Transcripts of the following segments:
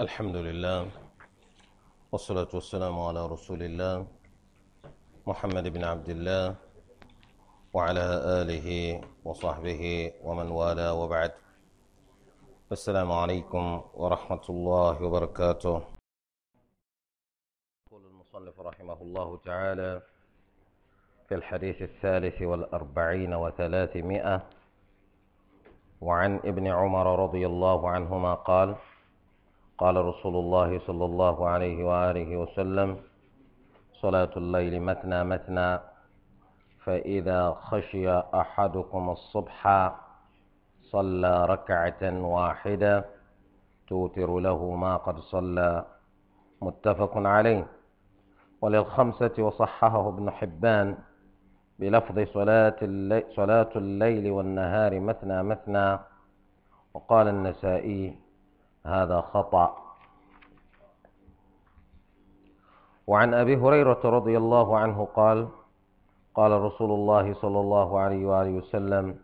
الحمد لله والصلاة والسلام على رسول الله محمد بن عبد الله وعلى آله وصحبه ومن والاه وبعد السلام عليكم ورحمة الله وبركاته يقول المصنف رحمه الله تعالى في الحديث الثالث والأربعين وثلاثمائة وعن ابن عمر رضي الله عنهما قال قال رسول الله صلى الله عليه وآله وسلم صلاة الليل متنا متنا فإذا خشي أحدكم الصبح صلى ركعة واحدة توتر له ما قد صلى متفق عليه وللخمسة وصححه ابن حبان بلفظ صلاة الليل, صلاة الليل والنهار مثنى مثنى وقال النسائي هذا خطأ وعن أبي هريرة رضي الله عنه قال قال رسول الله صلى الله عليه وآله وسلم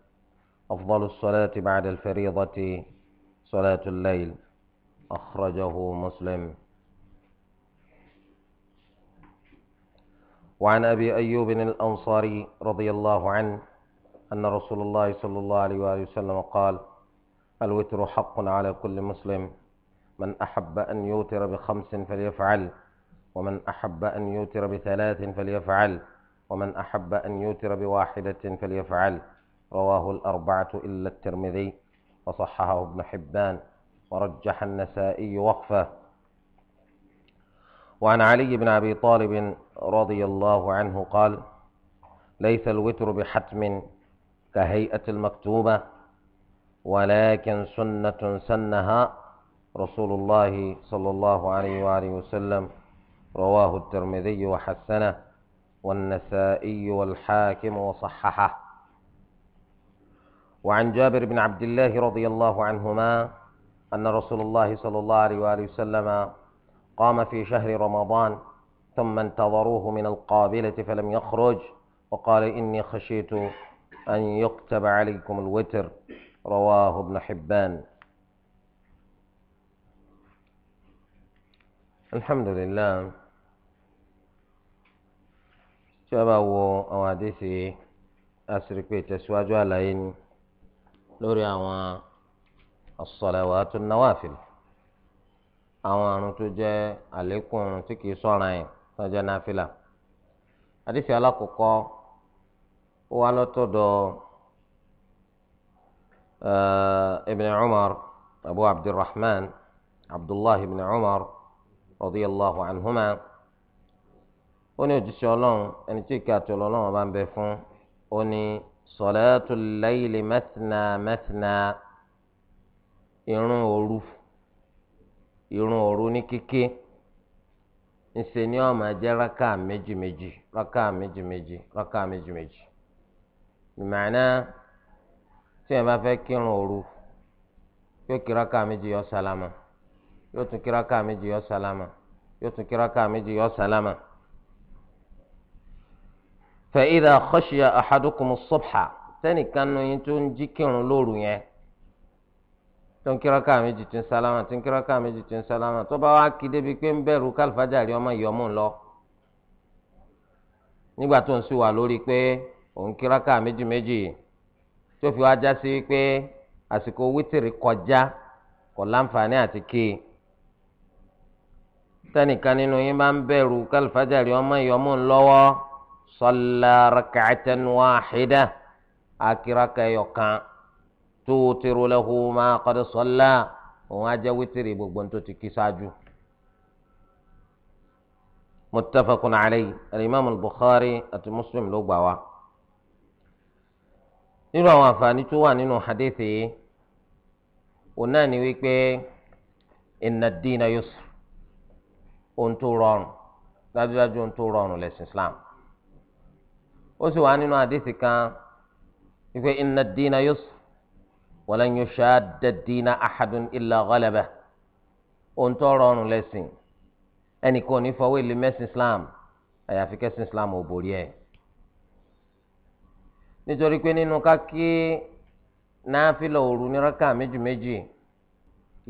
أفضل الصلاة بعد الفريضة صلاة الليل أخرجه مسلم وعن أبي أيوب الأنصاري رضي الله عنه أن رسول الله صلى الله عليه وآله وسلم قال الوتر حق على كل مسلم من أحب أن يوتر بخمس فليفعل ومن أحب أن يوتر بثلاث فليفعل ومن أحب أن يوتر بواحدة فليفعل رواه الأربعة إلا الترمذي وصححه ابن حبان ورجح النسائي وقفه وعن علي بن أبي طالب رضي الله عنه قال ليس الوتر بحتم كهيئة المكتوبة ولكن سنة سنها رسول الله صلى الله عليه وآله وسلم رواه الترمذي وحسنه والنسائي والحاكم وصححه وعن جابر بن عبد الله رضي الله عنهما أن رسول الله صلى الله عليه وآله وسلم قام في شهر رمضان ثم انتظروه من القابلة فلم يخرج وقال إني خشيت أن يكتب عليكم الوتر رواه ابن حبان الحمد لله شباب bá wo àwọn àdéhìí asiripe tẹ̀síwájú àlàyé ni lórí àwọn as-salawatu an-nawafil àwọn àrùn tó jẹ́ àlékún tí kìí sọ̀ra yẹn tó jẹ́ náfìlà àdéhìí alákọ̀ọ́kọ́ ó wá lọ́tọ̀dọ̀ eh, ibn Umar abu abdulrahman abdullahi ibn Umar. radiyallahu anhuma ó ní òjíṣẹ́ ọlọ́run ẹni tí ìka àti ọlọ́run ọba ń bẹ fún ó ní irun òru irun òru ní kíké ńṣe ni ó máa jẹ́ rákà méjì rákà méjì rákà méjì ìmọ̀ọ́nà tí ẹ bá fẹ́ kírun òru yọ sálámà. yóò tún kíráka méjì yọ sálámà yóò tún kíráka méjì yọ sálámà. fa idha khashiya ahadukum as-subha sẹ́nìkan nu yín tó ń jí kírun lóru yẹn tó ń kíráka méjì tó ń sálámà tó ń kíráka méjì tó sálámà tó bá wá kí débi pé ń bẹ̀rù kálífàjárì ọmọ ìyọmú lọ nígbà tó ń sì wà lórí pé òun kíráka méjì méjì tó fi wá já sí pé àsìkò wítìrì kọjá kò láǹfààní àti kéè tẹnìkan nínú yín bá ń bẹ̀rù kálífàjárì ọmọ ìyọmú ńlọ́wọ́ salla rak'atan wahida akíraka ẹ̀yọ̀kan tó wutiru lahu ma qad salla òun á jẹ́ wítìrì gbogbo tó ti kí sáájú. muttafaqun alayhi alimami bukhari àti muslim ló gbà wá. nínú àwọn àǹfààní tó wà nínú hadithi yìí òun náà ni wípé inna ad ohun tó rọrùn dájúdájú ohun tó rọrùn lẹ́sìn islam ó sì wá nínú àdìsí kan wípé inna ad-dina yusr walan yushadda ad-dina ahadun illa ghalaba ohun tó rọrùn lẹ́sìn ẹnì kan ò ní fọwọ́ ìlú mẹ́sìn islam àyàfi kẹ́sìn islam ò borí ẹ̀ nítorí pé nínú ká náà fi lọ òru ní rákà méjì méjì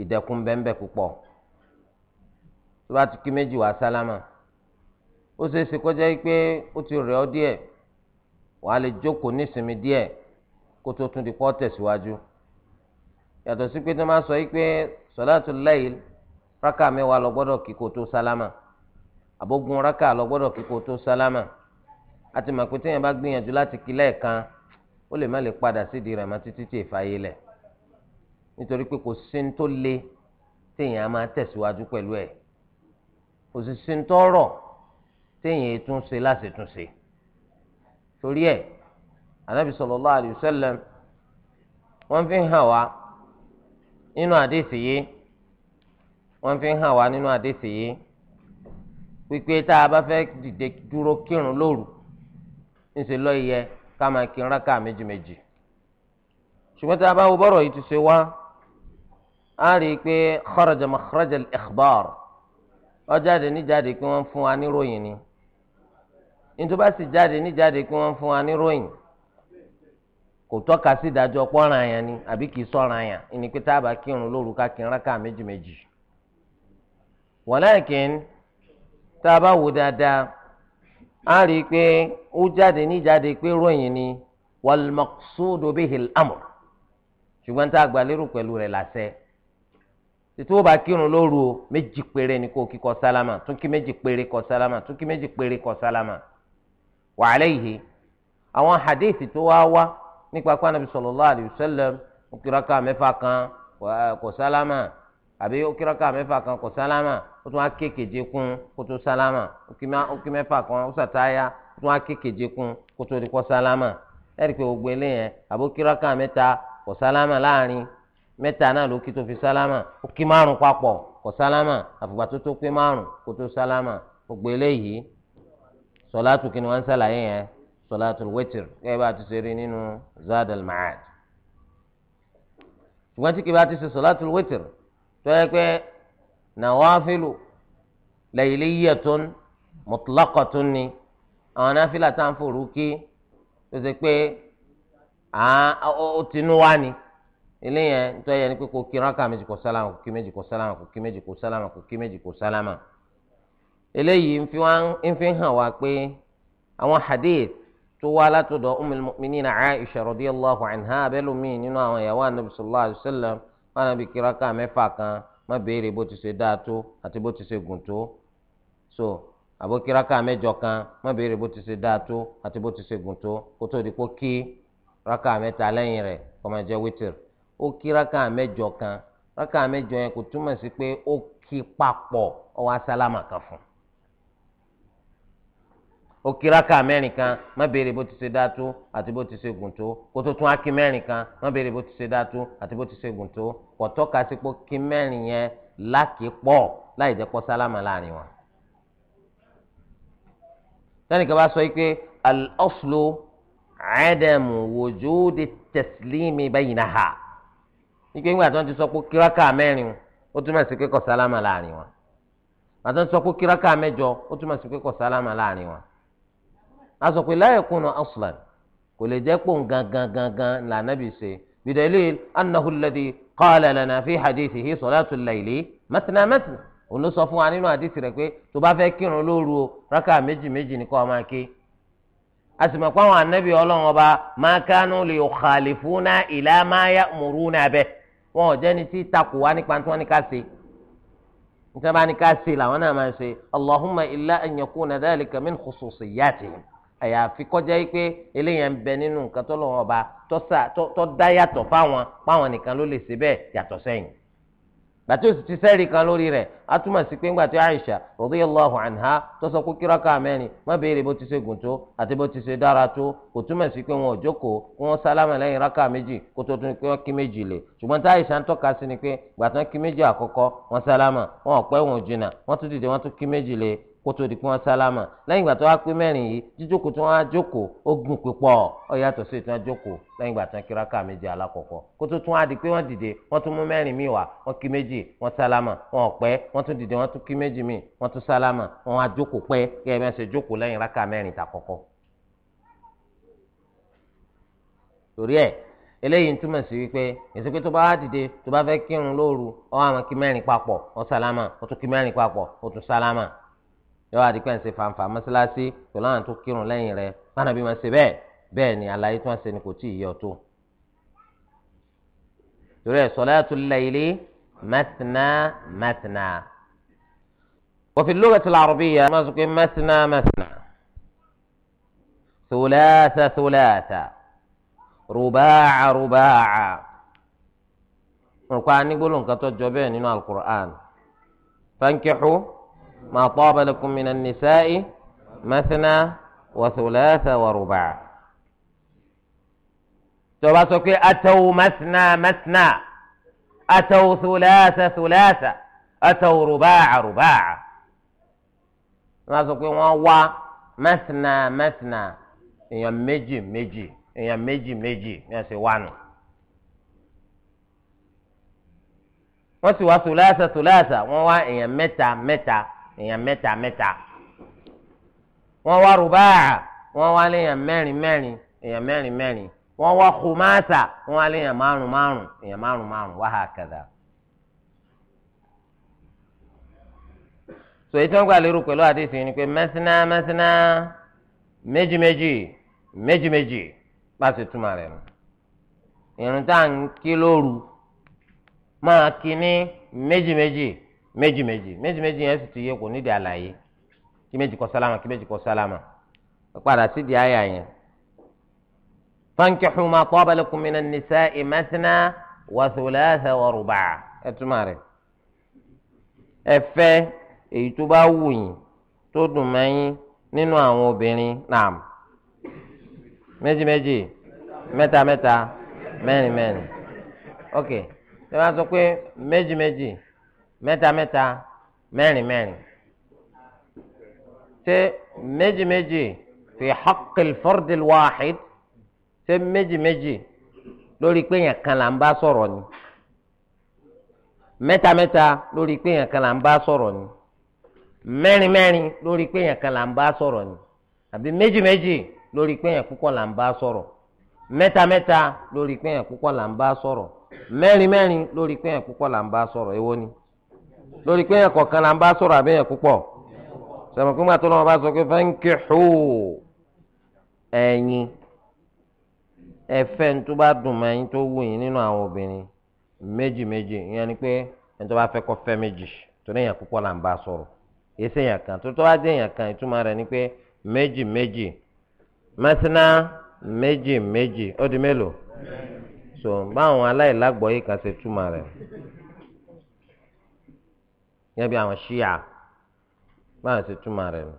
ìdẹ̀kùn bẹ́ẹ̀ bẹ́ẹ̀ púpọ̀ tó bá ti kí méjì wá sálámà ó ṣeé ṣe kọjá pé ó ti rẹ̀ ọ́ díẹ̀ wàá lè jókòó nísinmi díẹ̀ kó tó tún di pọ́ tẹ̀síwájú yàtọ̀ sí pé tó máa sọ pé sọ̀láàtù láyl rákà mẹ́wàá lọ gbọ́dọ̀ kí kó tó sálámà àbógun rákà lọ gbọ́dọ̀ kí kó tó sálámà àti màpé téèyàn bá gbìyànjú láti kí lẹ́ẹ̀kan ó lè má lè padà sídìí rẹ̀ mọ́ títí tí ìfàyè lẹ̀ nítorí pé kò sí ní tó le téèyàn á máa tẹ̀síwájú pẹ̀lú ẹ̀ òṣìṣẹ́ ń tọrọ téèyàn tún ṣe láti tún ṣe torí ẹ anabi sallallahu alayhi wa sallam wọn fi hàn wá nínú àdéhìí yìí wọn fi hàn wá nínú àdéhìí yìí pípé tá a bá fẹ́ dìde dúró kírun lóru ńṣe ló yẹ ká máa kí rákà méjìméjì ṣùgbọ́n tá a bá wo bọ́rọ̀ yìí ti ṣe wá a rí i pé kharaja makharaja al-ikhbar. ọjáde níjáde pé wọ́n fún wa níròyìn ni nítorí sì jáde níjáde pé wọ́n fún wa níròyìn kò tọ́ka sí ìdájọ́ pọ́nrán àyàn ni àbí kì í sọ̀ràn àyàn ìní pé tá a bá kírun lóru ká kírun rákà méjì méjì. tá a bá wò pé ó jáde níjáde pé ròyìn ni tètè ó bá kírun lóru o méjì péré ni kò kọ sálámà tún kí méjì kọ sálámà tún kí méjì péré kọ sálámà wa alayhi àwọn hadithi tó wá wá nípa pé anabi sallallahu alayhi wa sallam ó kí kan kọ sálámà àbí ó kí kan kọ sálámà ó tún kún kó kan ó sàtáyà ó tún kọ sálámà gbogbo eléyẹn mẹ́ta náà ló kí tó fi sálámà ó kí márùn papọ̀ kò sálámà àfùgbà tó tó pé márùn kó tó sálámà gbogbo eléyìí sọláàtù kí ni wọ́n ń sàlàyé yẹn sọláàtù wẹ́tìr kẹ́ ẹ bá ti ṣe rí nínú zadal ma'ad ṣùgbọ́n tí kì bá ti ṣe sọláàtù wẹ́tìr tó yẹ pé nàwáfílù layliyatun mutlaqatun ni àwọn náfìlà tá à kí tó ṣe pé ó tinú wá ni. eléyẹn tó yẹ ni pé kò kí rákà méjì kò sálámà kò kí méjì kò sálámà kò kí méjì kò sálámà kò kí méjì kò sálámà eléyìí ń fi hàn wá pé àwọn hadith tó wá umm aisha anha nínú sallallahu alayhi wa sallam wọn àbí kí mẹ́fà kan má béèrè bó ti ṣe dáa tó àti bó ti ṣe gùn so àbó mẹ́jọ kan má béèrè bó ti ṣe dáa tó àti bó ti ṣe gùn tó di kó kí mẹ́ta lẹ́yìn ó kí rákà mẹ́jọ kan rákà mẹ́jọ yẹn kò túmọ̀ sí pé ó kí papọ̀ ó wá kan fún ó kí rákà mẹ́rin kan má béèrè bó ti ṣe dá tó àti bó ti ṣe gùn tó kó tó tún á kí mẹ́rin kan má béèrè bó ti ṣe dá tó àti bó ti ṣe gùn tó kò tọ́ka sí pé kí mẹ́rin yẹn lákìpọ̀ láì jẹ́ pọ́ sálámà láàrin wọn sẹ́nìkan bá sọ pé al-aslu 'adamu wujudi at-taslimi baynaha nígbà ìgbà tí wọ́n ti sọ pé kíráka mẹ́rin ó túmọ̀ sí pé kò sálámà láàrin wọn àti wọ́n ti sọ pé kíráka mẹ́jọ ó túmọ̀ sí pé kò sálámà láàrin wọn. a sọ pé láyé kùnà aslan kò lè jẹ́ pò ń gangan gangan lànàbì ṣe bidalil annahu alladhi qala lana fi hadithihi salatul layli matna matna òun sọ fún wa nínú àdìsí rẹ pé tó bá fẹ́ kírun lóru o rákà méjì méjì ní kó máa ké a sì mọ̀ pé ọba ma kanu li yukhalifuna ila wọn ò jẹ́ni tí takò wá nípa tí wọ́n ní ká ṣe nítorí bá ní ká ṣe làwọn náà máa ń ṣe allahumma illa an yakuna dhalika min khususiyatihim àyàfi kọjá yìí pé eléyàn bẹ nínú nǹkan tó lọ́wọ́ ọba tó dá yàtọ̀ fáwọn fáwọn nìkan ló lè ṣe bẹ́ẹ̀ yàtọ̀ sẹ́yìn gbàtí o sì ti sẹ́ẹ̀rì kan lórí rẹ̀ a túmọ̀ sí pé ńgbà tí Aisha radiyallahu anha tó sọ pé kíráka mẹ́rin má béèrè bó ti ṣe gùn tó àti bó ti ṣe dára tó kò túmọ̀ sí pé wọn ò jókòó wọn sálámà lẹ́yìn ráka méjì kó tó tún pé wọ́n kí méjì lè ṣùgbọ́n tí Aisha ń tọ́ka sí ni pé gbàtí wọ́n kí méjì àkọ́kọ́ wọn sálámà wọn ò pẹ́ wọn ò jìnnà wọ́n tún dìde wọ́n tún kí méjì lè kó tó di pé wọ́n sálámà lẹ́yìn ìgbà tó wá pé mẹ́rin yìí jíjókòó tí wọ́n á jókòó ó gùn pípọ̀ ó yàtọ̀ sí ìtàn jókòó lẹ́yìn ìgbà tí wọ́n kíra ká méjì alákọ̀ọ́kọ́ kó tó tún á di pé wọ́n dìde wọ́n tún mú mẹ́rin míì wá wọ́n kí méjì wọ́n sálámà wọ́n ọ̀pẹ́ wọ́n tún dìde wọ́n tún kí méjì míì wọ́n tún sálámà wọ́n á jókòó pẹ́ kẹ́ ẹ máa ṣe jókòó lẹ́yìn rákà mẹ́rin tàkọ́kọ́ torí ẹ eléyìí ń túmọ̀ sí wípé èsì tó bá wá dìde tó bá fẹ́ kírun lóru ó wá kí mẹ́rin papọ̀ ó sálámà ó tún kí mẹ́rin papọ̀ ó tún sálámà yọ àdìpẹ́ ṣe fanfa mọ́sálásí pẹ̀lú àwọn tó kírun lẹ́yìn rẹ̀ báwọn bí wọ́n ṣe bẹ́ẹ̀ bẹ́ẹ̀ ni àlàyé tí wọ́n ṣe ni kò tí ì yọ tó. torí ẹ̀ salatul layli matna matna. wa fil lughati al-arabiyya máa sọ pé matna matna. thulatha thulatha ruba'a ruba'a. nǹkan anigbóló nǹkan tó jọ bẹ́ẹ̀ nínú al-Qur'an ما طاب لكم من النساء مثنى وثلاث ورباع تبا سوكي أتوا مثنى مثنى أتوا ثلاثة ثلاثة، أتوا رباع رباع ما سوكي ووا مثنى مثنى يا مجي مجي يا مجي مجي يا سوانو wọ́n sì wá sùláṣà sùláṣà wọ́n wá èèyàn mẹ́ta mẹ́ta èèyàn mẹ́ta mẹ́ta wọ́n wá rúbáà wọ́n wá léèyàn mẹ́rin mẹ́rin èèyàn mẹ́rin mẹ́rin wọ́n wá kùmáàsà wọ́n wá léèyàn márùn márùn èèyàn márùn márùn wá hà kàdà. so èyí tí wọ́n gbà lérò pẹ̀lú àdéhùn ni pé mẹ́sínà mẹ́sínà méjì méjì méjì méjì pàṣẹ túmọ̀ rẹ̀ nù ìrùn tá à ń kí lóru máa kí ní méjì méjì méjì méjì méjì méjì yẹn sì ti yẹ kò nídìí àlàyé kí méjì kọ sálámà kí méjì kọ sálámà padà sí di àyà yẹn. fankihu ma taba lakum minan nisa'i mathna wa thulatha wa ruba'a ẹ túmọ̀ rẹ̀ ẹ fẹ́ èyí tó bá wù yín tó dùn mọ́ nínú àwọn obìnrin náà méjì méjì mẹ́ta mẹ́ta mẹ́rin mẹ́rin ok ṣé wàá sọ pé méjì méjì mẹ́ta mẹ́ta mẹ́rin mẹ́rin ṣé méjì méjì fi haqqil fardil wahid ṣé méjì méjì lórí pé yẹn kan là ń bá sọ̀rọ̀ ni mẹ́ta mẹ́ta lórí pé yẹn kan là ń bá sọ̀rọ̀ ni mẹ́rin mẹ́rin lórí pé yẹn kan là ń bá sọ̀rọ̀ ni àbí méjì méjì lórí pé yẹn púpọ̀ là ń bá sọ̀rọ̀ mẹ́ta lórí pé yẹn púpọ̀ là ń bá sọ̀rọ̀ mẹ́rin mẹ́rin lórí pé yẹn púpọ̀ là ń bá sọ̀rọ̀ èwo ni. lórí pé ẹ̀kọ́ kan là ń bá sọ̀rọ̀ àbí ẹ̀kú pọ̀ sọ̀rọ̀ pé màtọ́ náà bá sọ pé fankihu ẹ̀yin ẹ̀fẹ́ tó bá dùn mọ́ ẹ̀yin tó wù yín nínú àwọn obìnrin méjì méjì ìyẹn ni pé ẹni tó bá fẹ́ kọ́ fẹ́ méjì tó ní là ń bá so báwọn yìí ṣe túmọ̀ rẹ̀. gẹ́gẹ́ bí àwọn ṣíà báwọn ṣe túmọ̀ rẹ̀ nù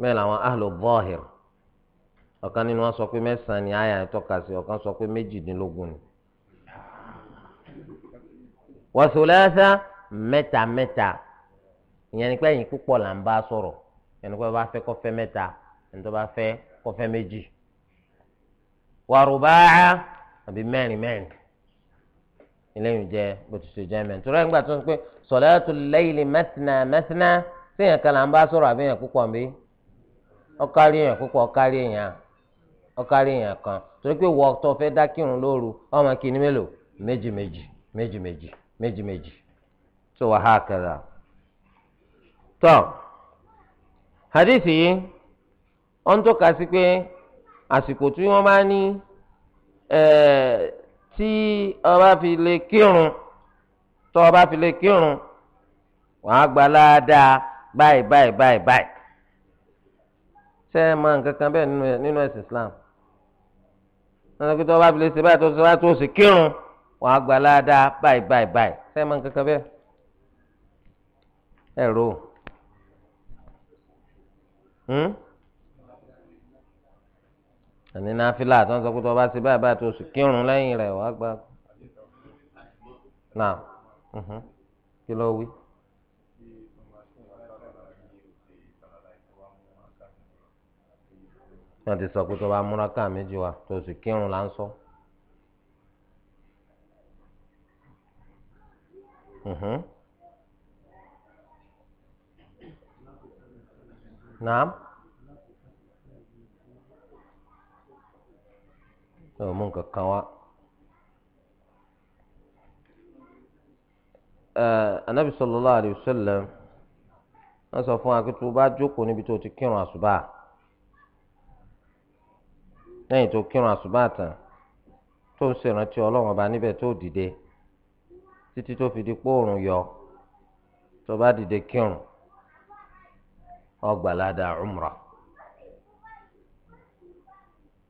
bẹ́ẹ̀ làwọn ahlu zahir ọ̀kan nínú wọn sọ pé mẹ́sàn-án ni àyà ń tọ́ka sí ọ̀kan sọ pé méjìdínlógún ni. wa thulatha mẹ́ta mẹ́ta ìyẹn ni pé ẹ̀yin púpọ̀ là ń bá sọ̀rọ̀ ẹni pé bá fẹ́ kó mẹ́ta ẹni tó bá fẹ́ kó méjì. wa àbí mẹ́rin mẹ́rin eléyìí jẹ bó ti ṣe jẹ mẹ nítorí ẹgbà tó ń pè salatul layli matna matna séèyàn kan là ń bá sọ̀rọ̀ àbí mbe púpọ̀ mi ọkárí èèyàn púpọ̀ ọkárí èèyàn èèyàn kan torí pé wọ́n tó fẹ́ dá lóru ọmọ kìíní mélòó méjì méjì méjì méjì méjì méjì tó wà á kẹrà tó hadith yìí wọ́n tọ́ka sí pé àsìkò tí wọ́n tí ọba fi lè kírun tó ọba fi lè kírun wàá gba ládàá báyìí báyìí báyìí báyìí ṣé ẹ mọ nǹkan kan bẹ́ẹ̀ nínú ẹ̀sìn Islam nínú kí tó ọba fi lè ṣe báyìí tó ṣe báyìí tó ṣe kírun wàá gba ládàá báyìí báyìí báyìí ṣé ẹ mọ nǹkan kan bẹ́ẹ̀ ẹ àní náfìlà àti wọn sọ pé tó bá ti báyìí báyìí tó sì kírun lẹ́yìn rẹ̀ wàá gba náà mhm. kí ló wí. wọ́n ti sọ pé tó bá múra ká méjì wá tó sì kírun là ń sọ. Mhm. naam. ẹ ò mú nǹkan kan wá. anabi sallallahu alayhi wa sallam wọn sọ fún wa pé tó bá jókòó níbi tó ti kírun àṣùbà lẹ́yìn tó kírun àṣùbà tán tó ń ṣèrántí Ọlọ́run ọba níbẹ̀ tó dìde títí tó fi di póòrùn yọ tó bá dìde kírun ó umrah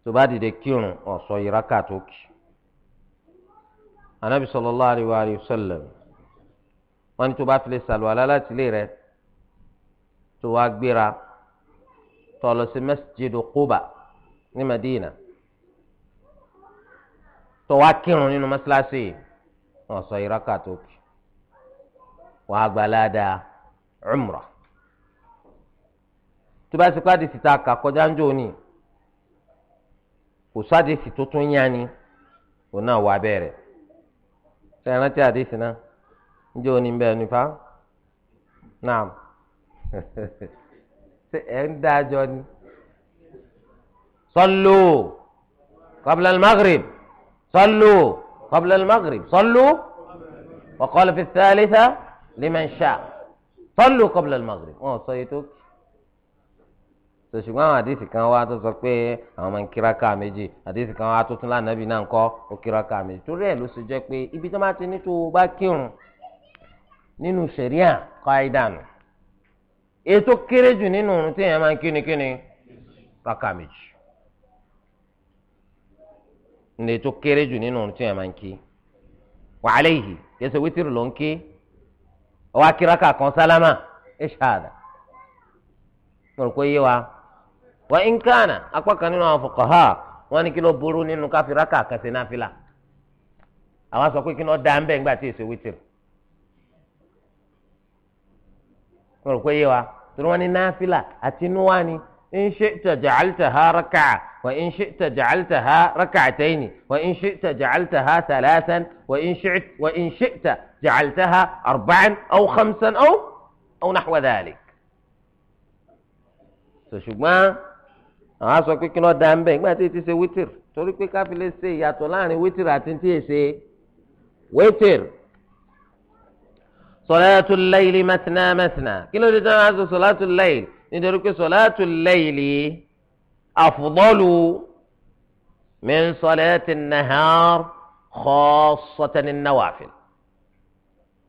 tó bá dìde kírun ọ̀sọ́ ìrákà tó kì anabi sallallahu alaihi wa sallam wọn ni tó bá tilẹ̀ sàlùwàlá láti ilé rẹ̀ tó wá gbéra tó lọ sí masjidu Quba ní Madina tó wá kírun nínú mọ́sálásí ọ̀sọ́ ìrákà tó kì wàá gbalada umrah tó bá ti pàdé síta kà kọjá ń jò ní kò sádìsì tó tún yá ni òun náà wà bẹ́ẹ̀ rẹ̀ ṣe é rántí àdìsì náà njẹ́ òní ń bẹ́ẹ̀ nípa náà ṣe ẹ̀ ń dájọ́ ni sọ́lù qabla al-maghrib sọ́lù qabla al-maghrib sọ́lù wa qala fi ath-thalitha liman sha'a sọ́lù qabla al-maghrib sọ yìí tó kì sòṣùgbọ́n àwọn àdìsí kan wá tó sọ pé àwọn máa ń kíráka méjì àdìsí kan wá tó tún lánàbì náà ń kọ́ ó kíráka méjì torí ẹ̀ ló ṣe jẹ́ pé ibi tó bá ti ní tó o bá kírun nínú sẹ̀ríà káìdánù ètò kéré jù nínú òrùn téèyàn máa ń kíni kíni ráka méjì ní ètò kéré jù nínú òrùn téèyàn máa ń kí wàhálà yìí kẹsàn wítìrì ló ń kí ọwọ́ akíráka kan sálámà ẹ̀ ṣáàdà mo rò pé yé wa wa nkàna apá kan nínú àwọn fuqaha wọn ní kí ló burú nínú káfíńrà kàkà sí náfìlà àwọn sọ pé kí ló dá ń bẹ̀ ńgbà tí èso wítìrì mo rò pé yé wa torí wọn ní náfìlà àti inúwa ni in shi'ta ja'altaha raka'a wa in shi'ta ja'altaha raka'ataini wa in shi'ta ja'altaha thalathan wa in shi'ta wa in shi'ta ja'altaha arba'an aw khamsan aw aw nahwa dhalik so àwọn aṣọ pé kí ló da ń bẹ nígbà tí ti ṣe wítìr torí pé káfílẹ̀ ṣe ìyàtọ̀ láàrin wítìr àti tí ì ṣe wítìr. sọláàtú lẹ́yìlì mẹ́tìnà mẹ́tìnà kí ló dé tí wọ́n á sọ sọláàtú nítorí pé sọláàtú lẹ́yìlì àfùdọ́lù min sọláàtì nàhàr kọ́sọ́tẹ́ni náwàfin.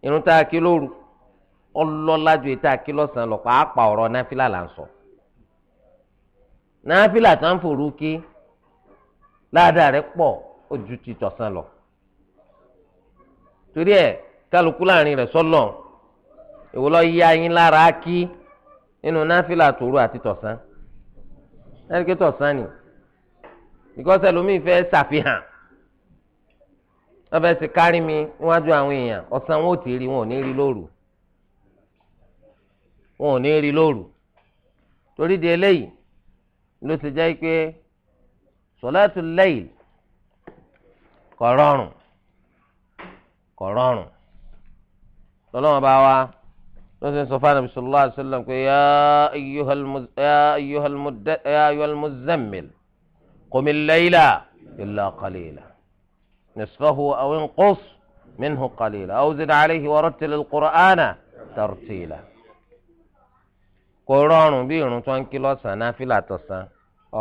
irun tá a kí lóru ọlọ́lá ju ìta kí lọ́sàn-án lọ pàápàá ọ̀rọ̀ náfìlà là ń sọ náfìlà tá ń forú kí ládàá rẹ̀ pọ̀ ojú ti tọ̀sán lọ torí ẹ̀ kálukú láàrin rẹ̀ sọlọ èwo lọ yá yín lára kí nínú náfìlà tòru àti tọ̀sán ẹni pé tọ̀sán ni because ẹlòmíì fẹ́ ṣàfihàn wọ́n fẹ́ ṣe kárí mi níwájú àwọn èèyàn ọ̀sán wọn ò tí ì rí wọn ò ní rí lóru wọn ò ní rí lóru torí di eléyìí نوسي جايكي صلاة الليل قرانو قرانو سلام باوا نوسي صفانا صلى الله عليه وسلم كي يا أيها المز... يا أيها المد... يا أيها المزمل قم الليلة إلا قليلا نصفه أو انقص منه قليلا أو زد عليه ورتل القرآن ترتيلا قرآن بيرن تنكيلو سنافلة تسان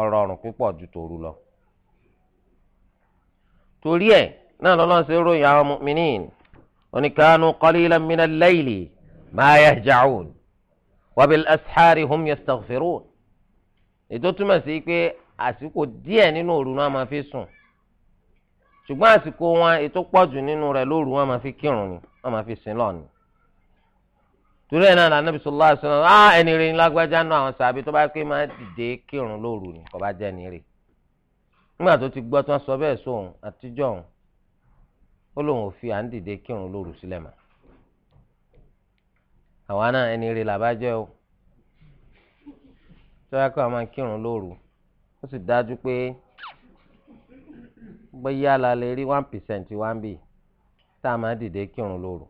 ọ̀rọ̀ ọ̀rùn púpọ̀ ju tòru lọ. torí ẹ̀ náà lọ́lọ́run ṣe ròyìn àwọn mu'minin oníkanu qalilan minal layli ma yahja'un wa bil ashari hum yastaghfirun. ètò túmọ̀ sí pé àsìkò díẹ̀ nínú òru náà máa fi sùn ṣùgbọ́n àsìkò wọn ètò pọ̀jù nínú rẹ̀ lóru wọn máa fi kírun ni wọn máa fi sin lọ́ọ̀ni torí ẹ̀ náà ní anabi sọlá àṣìlá ah ẹni rẹ̀ ń lágbájá náà àwọn sàbí tó bá pé máa dìde kírun lóru ni kò bá jẹ́ ẹni rẹ̀ nígbà tó ti gbọ́ tí wọ́n sọ bẹ́ẹ̀ sóhun àtijọ́ òun ó lóun ò fi à ń dìde kírun lóru sílẹ̀ mọ́ àwa náà ẹni rẹ̀ làbá jẹ́ o tó yẹ kó a máa kírun lóru ó sì dájú pé bóyá la lè rí one percent wá bì tá a máa dìde kírun lóru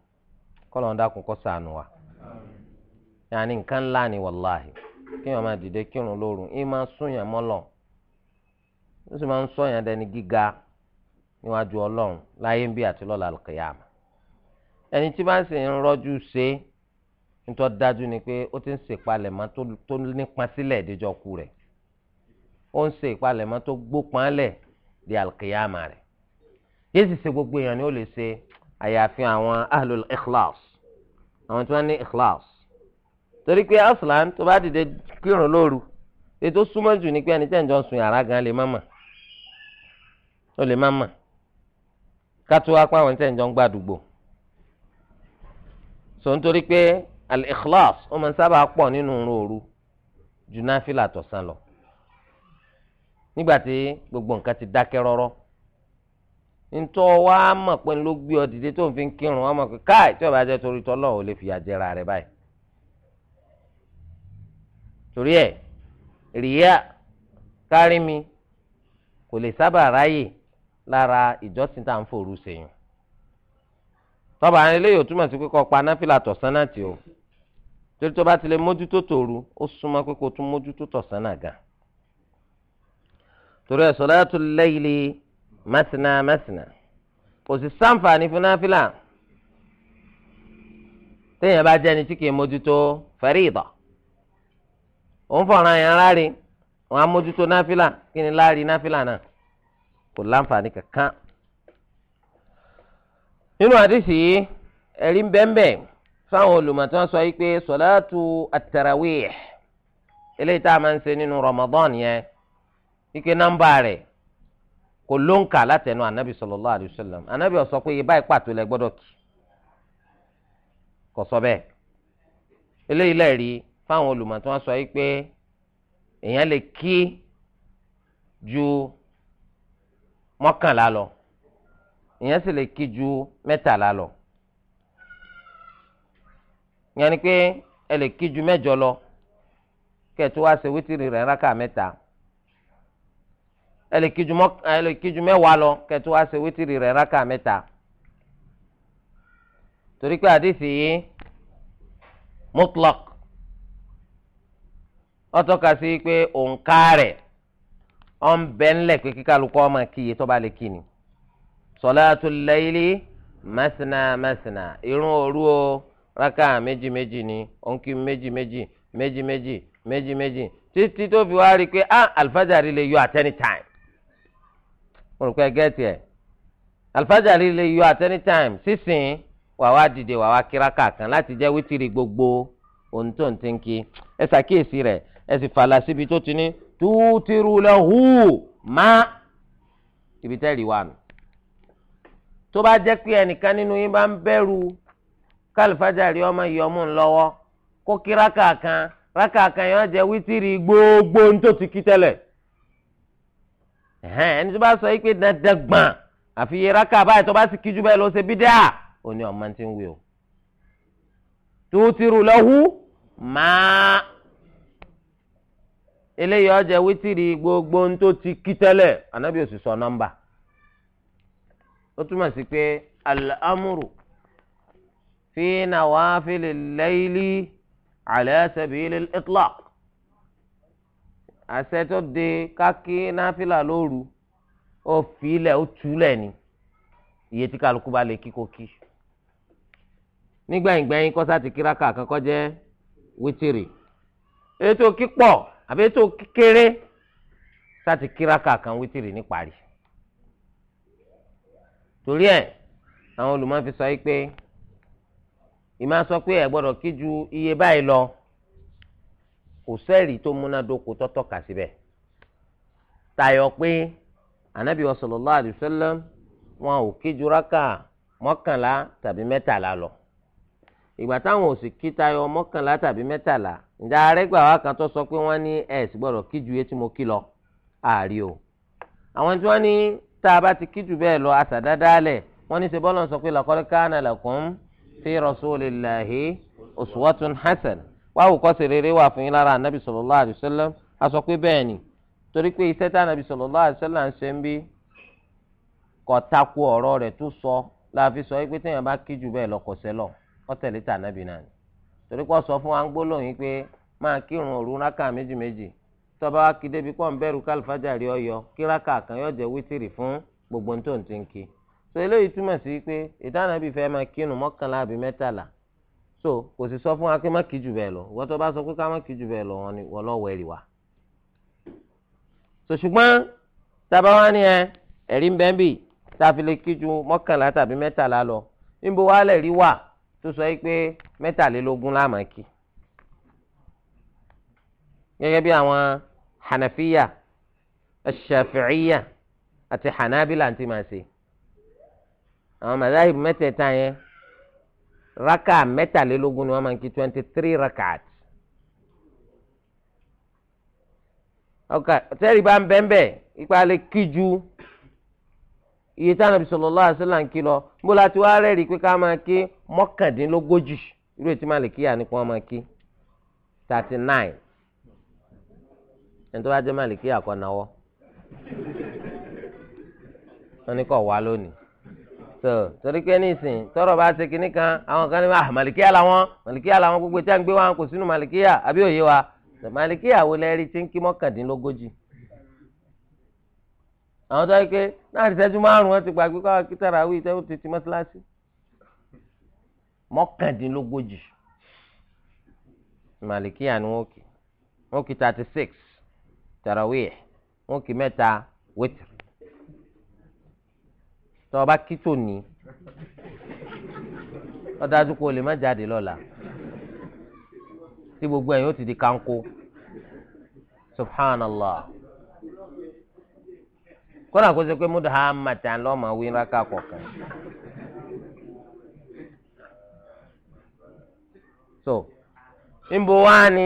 kọ́ ló dákun kó ṣàánú wa yàní nǹkan ńlá ni wàláhì kí wọn máa dìde kírun lóru ẹ máa súnyàn mọ́lọ̀ ó sì máa ń sọ̀yàn dẹni gíga níwájú ọlọ́run láyé ń bí àti lọ́la àlùkìyàmà ẹni tí bá ń sì ń rọ́jú ṣe nítorí dájú ni pé ó ti ń ṣèpalẹ̀mọ́ tó nípa sílẹ̀ ìdíjọ́ ku rẹ̀ ó ń ṣèpalẹ̀mọ́ tó gbópọn lẹ̀ di àlùkìyàmà rẹ̀ yéé ṣe gbogbo èèyàn ni ó lè ṣe àyàfi àwọn ahlul ikhlas àwọn tí wọ́n ní ikhlas torí pé aslan tó bá dìde kírun lóru ètò súnmọ́ jù ni pé ẹni tẹ́ ń jọ sùn yàrá gan lè má mà ó lè má mà kátó wá pé àwọn tẹ́ ń jọ ń gbàdúgbò sọ nítorí pé al-ikhlas ó máa ń sábà pọ̀ nínú òru ju náfìlà tọ̀sán lọ nígbà tí gbogbo nǹkan ti dákẹ́ rọ́rọ́ ntọ́ wa mọ̀ pé ló gbé ọ dìde tó ń fi kírun ọmọ pé káì tí ọba jẹ́ torí tọ́lọ́ ò lè fìyà jẹra rẹ̀ báyìí torí ẹ̀ rìíyà kárí mi kò lè sábà ráyè lára ìjọsìn tá à ń fòru sèyàn tọ́ba àwọn eléyìí ò túmọ̀ sí pé kọ́ pa náfìlà tọ̀sán náà tì o torí tó bá ti lè mójútó tòru ó súnmọ́ pé kó tún mójútó tọ̀sán náà gan torí ẹ̀ sọ̀láàtù láyli mẹ́sìnà mẹ́sìnà kò sì sáǹfààní fún náfìlà téèyàn bá jẹ́ ẹni tí kì í mójútó fàrídà òun fọ̀ràn yẹn láre wọn á mójútó náfìlà kí ni láre náfìlà náà kò láǹfààní kankan. nínú àdìsí ẹ̀rí ń fáwọn sọ yìí pé sọ̀láàtù eléyìí tá a máa ń ṣe nínú Ramadan yẹn nọ́mbà rẹ̀ kò ló ń kà látẹnu sallallahu anabi pé ibà ìpàtó lẹ gbọ́dọ̀ fáwọn olùmọ̀ tí wọ́n sọ yìí pé èèyàn lè kí ju mọ́kànlá lọ èèyàn sì lè kí ju mẹ́tàlá lọ ìyẹn ni pé ẹ lè kí ju mẹ́jọ lọ kẹtù wá ṣe wítìrì rẹ̀ rákà mẹ́ta ẹ lè kí ju mẹ́wàá lọ kẹtù wá ṣe wítìrì rẹ̀ rákà mẹ́ta torí pé àdìsí yìí mutlak wọ́n tọ́ka sí pé òǹkà rẹ̀ ọ̀ ń bẹ ńlẹ̀ pé kíkálukọ́ ọmọ kíyè tó bá lè kí ni sọláàtú lẹ́yìlì mẹ́sìnà mẹ́sìnà irun òru o rákà méjì méjì ni òǹkì méjì méjì méjì méjì méjì méjì títí tó fi wá rí i pé ah alifájàrí lè yọ at any time mo rò pé gẹ́tì ẹ̀ alifájàrí lè yọ at any time sísìn wà wá dìde wà wá kíráka kan láti jẹ́ wítìrì gbogbo ohun tó ń ti ń kí ẹ ṣàkíyèsí rẹ̀ ẹ sì fàlà síbi tó ti ní túùtìrú lẹ́hù má ibi tẹ́rì wà nù. tó bá jẹ́ pé ẹnìkan nínú yín bá ń bẹ̀rù kálífàjárì ọmọ ìyọmú ńlọ́wọ́ kó kí rákà kan rákà kan yẹn wọ́n jẹ́ wítìrì gbogbo ní tó ti kí tẹ́lẹ̀. ẹni tó bá sọ yìí pé dandan gbọ̀n àfi iye rákà báyìí tó bá sì kí jù bẹ́ẹ̀ lọ ṣe bí dáa ó ní ọmọ tí ń wí o. túùtìrú lẹ́hù máa eléyìí ọjà wítìrì gbogbo ń tó ti kí tẹ́lẹ̀ ànábì ò sì sọ nọ́mbà ó túmọ̀ sí pé al-amru fi nawafil al-layli ala sabil al-itlaq àṣẹ tó de kákí náfìlà lóru ó fi ilẹ̀ ó túlẹ̀ ni iye tí kálukú bá lè kíkó kí nígbẹ̀yìngbẹ̀yìn kọ́sá ti kíráka àkọ́kọ́ jẹ́ wítìrì ètò kíkọ́ àbẹ́tò kékeré sáti kíráka kan wítìrì níparí torí ẹ àwọn olùmọ̀ fi sọ yìí pé ìmọ̀ sọ pé ẹ gbọ́dọ̀ kí ju iye báyìí lọ kò sẹ́ẹ̀rì tó múnádóko tọ́tọ́ kà síbẹ̀ tayọ pé anabi sallallahu alaihi wasallam wọn ò kí ju rákà mọ́kànlá tàbí mẹ́tàlá lọ ìgbà táwọn ò sì kí tayọ mọ́kànlá tàbí mẹ́tàlá ǹjẹ́ arẹ́gbà wa kan tó sọ pé wọ́n ní ẹ̀ gbọ́dọ̀ kí ju etí mo kí lọ ààrí o àwọn tí wọ́n ní tá a bá ti kí jù bẹ́ẹ̀ lọ àṣàdádálẹ̀ wọ́n ní ṣe sọ pé laqad kana lakum fi rasulillahi uswatun hasan wá wò kọ́sì rere wà fún yín lára anabi sallallahu alayhi sallam a sọ pé bẹ́ẹ̀ ni sallallahu sallam ṣe ń bí kò tako ọ̀rọ̀ rẹ̀ tó sọ láàfin wọ́n tẹ̀lé tà nàbì náà ni torí sọ fún wa ń gbólóhùn yìí pé máa kírun òru rákà méjì méjì tọ́ba wa kí débi ọyọ kí rákà kan yóò jẹ́ wítìrì fún gbogbo tó ti so eléyìí túmọ̀ sí pé ìdánábì fẹ́ máa kírun mọ́kànlá àbí mẹ́tàlá so kò sì sọ fún wa pé má lọ wọ́n bá sọ pé ká má kí lọ wọ́n lọ́wọ́ ẹ̀rì wa so ṣùgbọ́n ẹ tó sọ yìí pé mẹ́tàlélógún la máa kí gẹ́gẹ́ bí àwọn hanafiya ṣàfìíyà àti hanabila ti máa ṣe àwọn madahib mẹ́tẹ̀ẹ̀ta yẹn raka mẹ́tàlélógún ni wọ́n máa ń kí twenty three rakat ọkà tẹ́rì bá ń bẹ́ẹ̀ bẹ́ẹ̀ ipa lè kí ju iye táwọn Ànábì sallallahu alaihi wasallam ń kí lọ níbo la ti wá rẹ́rìí pé ká máa kí mọ́kàndínlógójì irú ètí màlìkíyà ni kí wọ́n máa kí thirty nine ẹni tó bá jẹ́ màlìkíyà kọ́ náwọ́ wọ́n ní kọ́ wá lónìí so torí pé nísìn tọ́rọ̀ bá ṣe kinní kan àwọn kan ní ma ah, màlìkíyà làwọn màlìkíyà làwọn gbogbo tí a ń gbé wọn kò sínú màlìkíyà àbí òye wa màlìkíyà wo lẹ́rìí tí ń kí mọ́kàndínlógójì. àwọn tó yẹ pé náà ìṣẹ́jú márùn-ún wọn ti gbàgbé káwá kí tàràwí ìṣẹ́jú ti ti mọ́ṣáláṣí mọ́kàndínlógójì màlìkíyà ni wọ́n kì wọ́n kì thirty six tàràwí ẹ̀ kì mẹ́ta lè má jáde lọ́la tí gbogbo ẹ̀yin ó ti di kanko subhanallah. kódà kó ṣe pé muhammadan lọ́mọ wí rákà kọ̀ọ̀kan. so níbo wá ni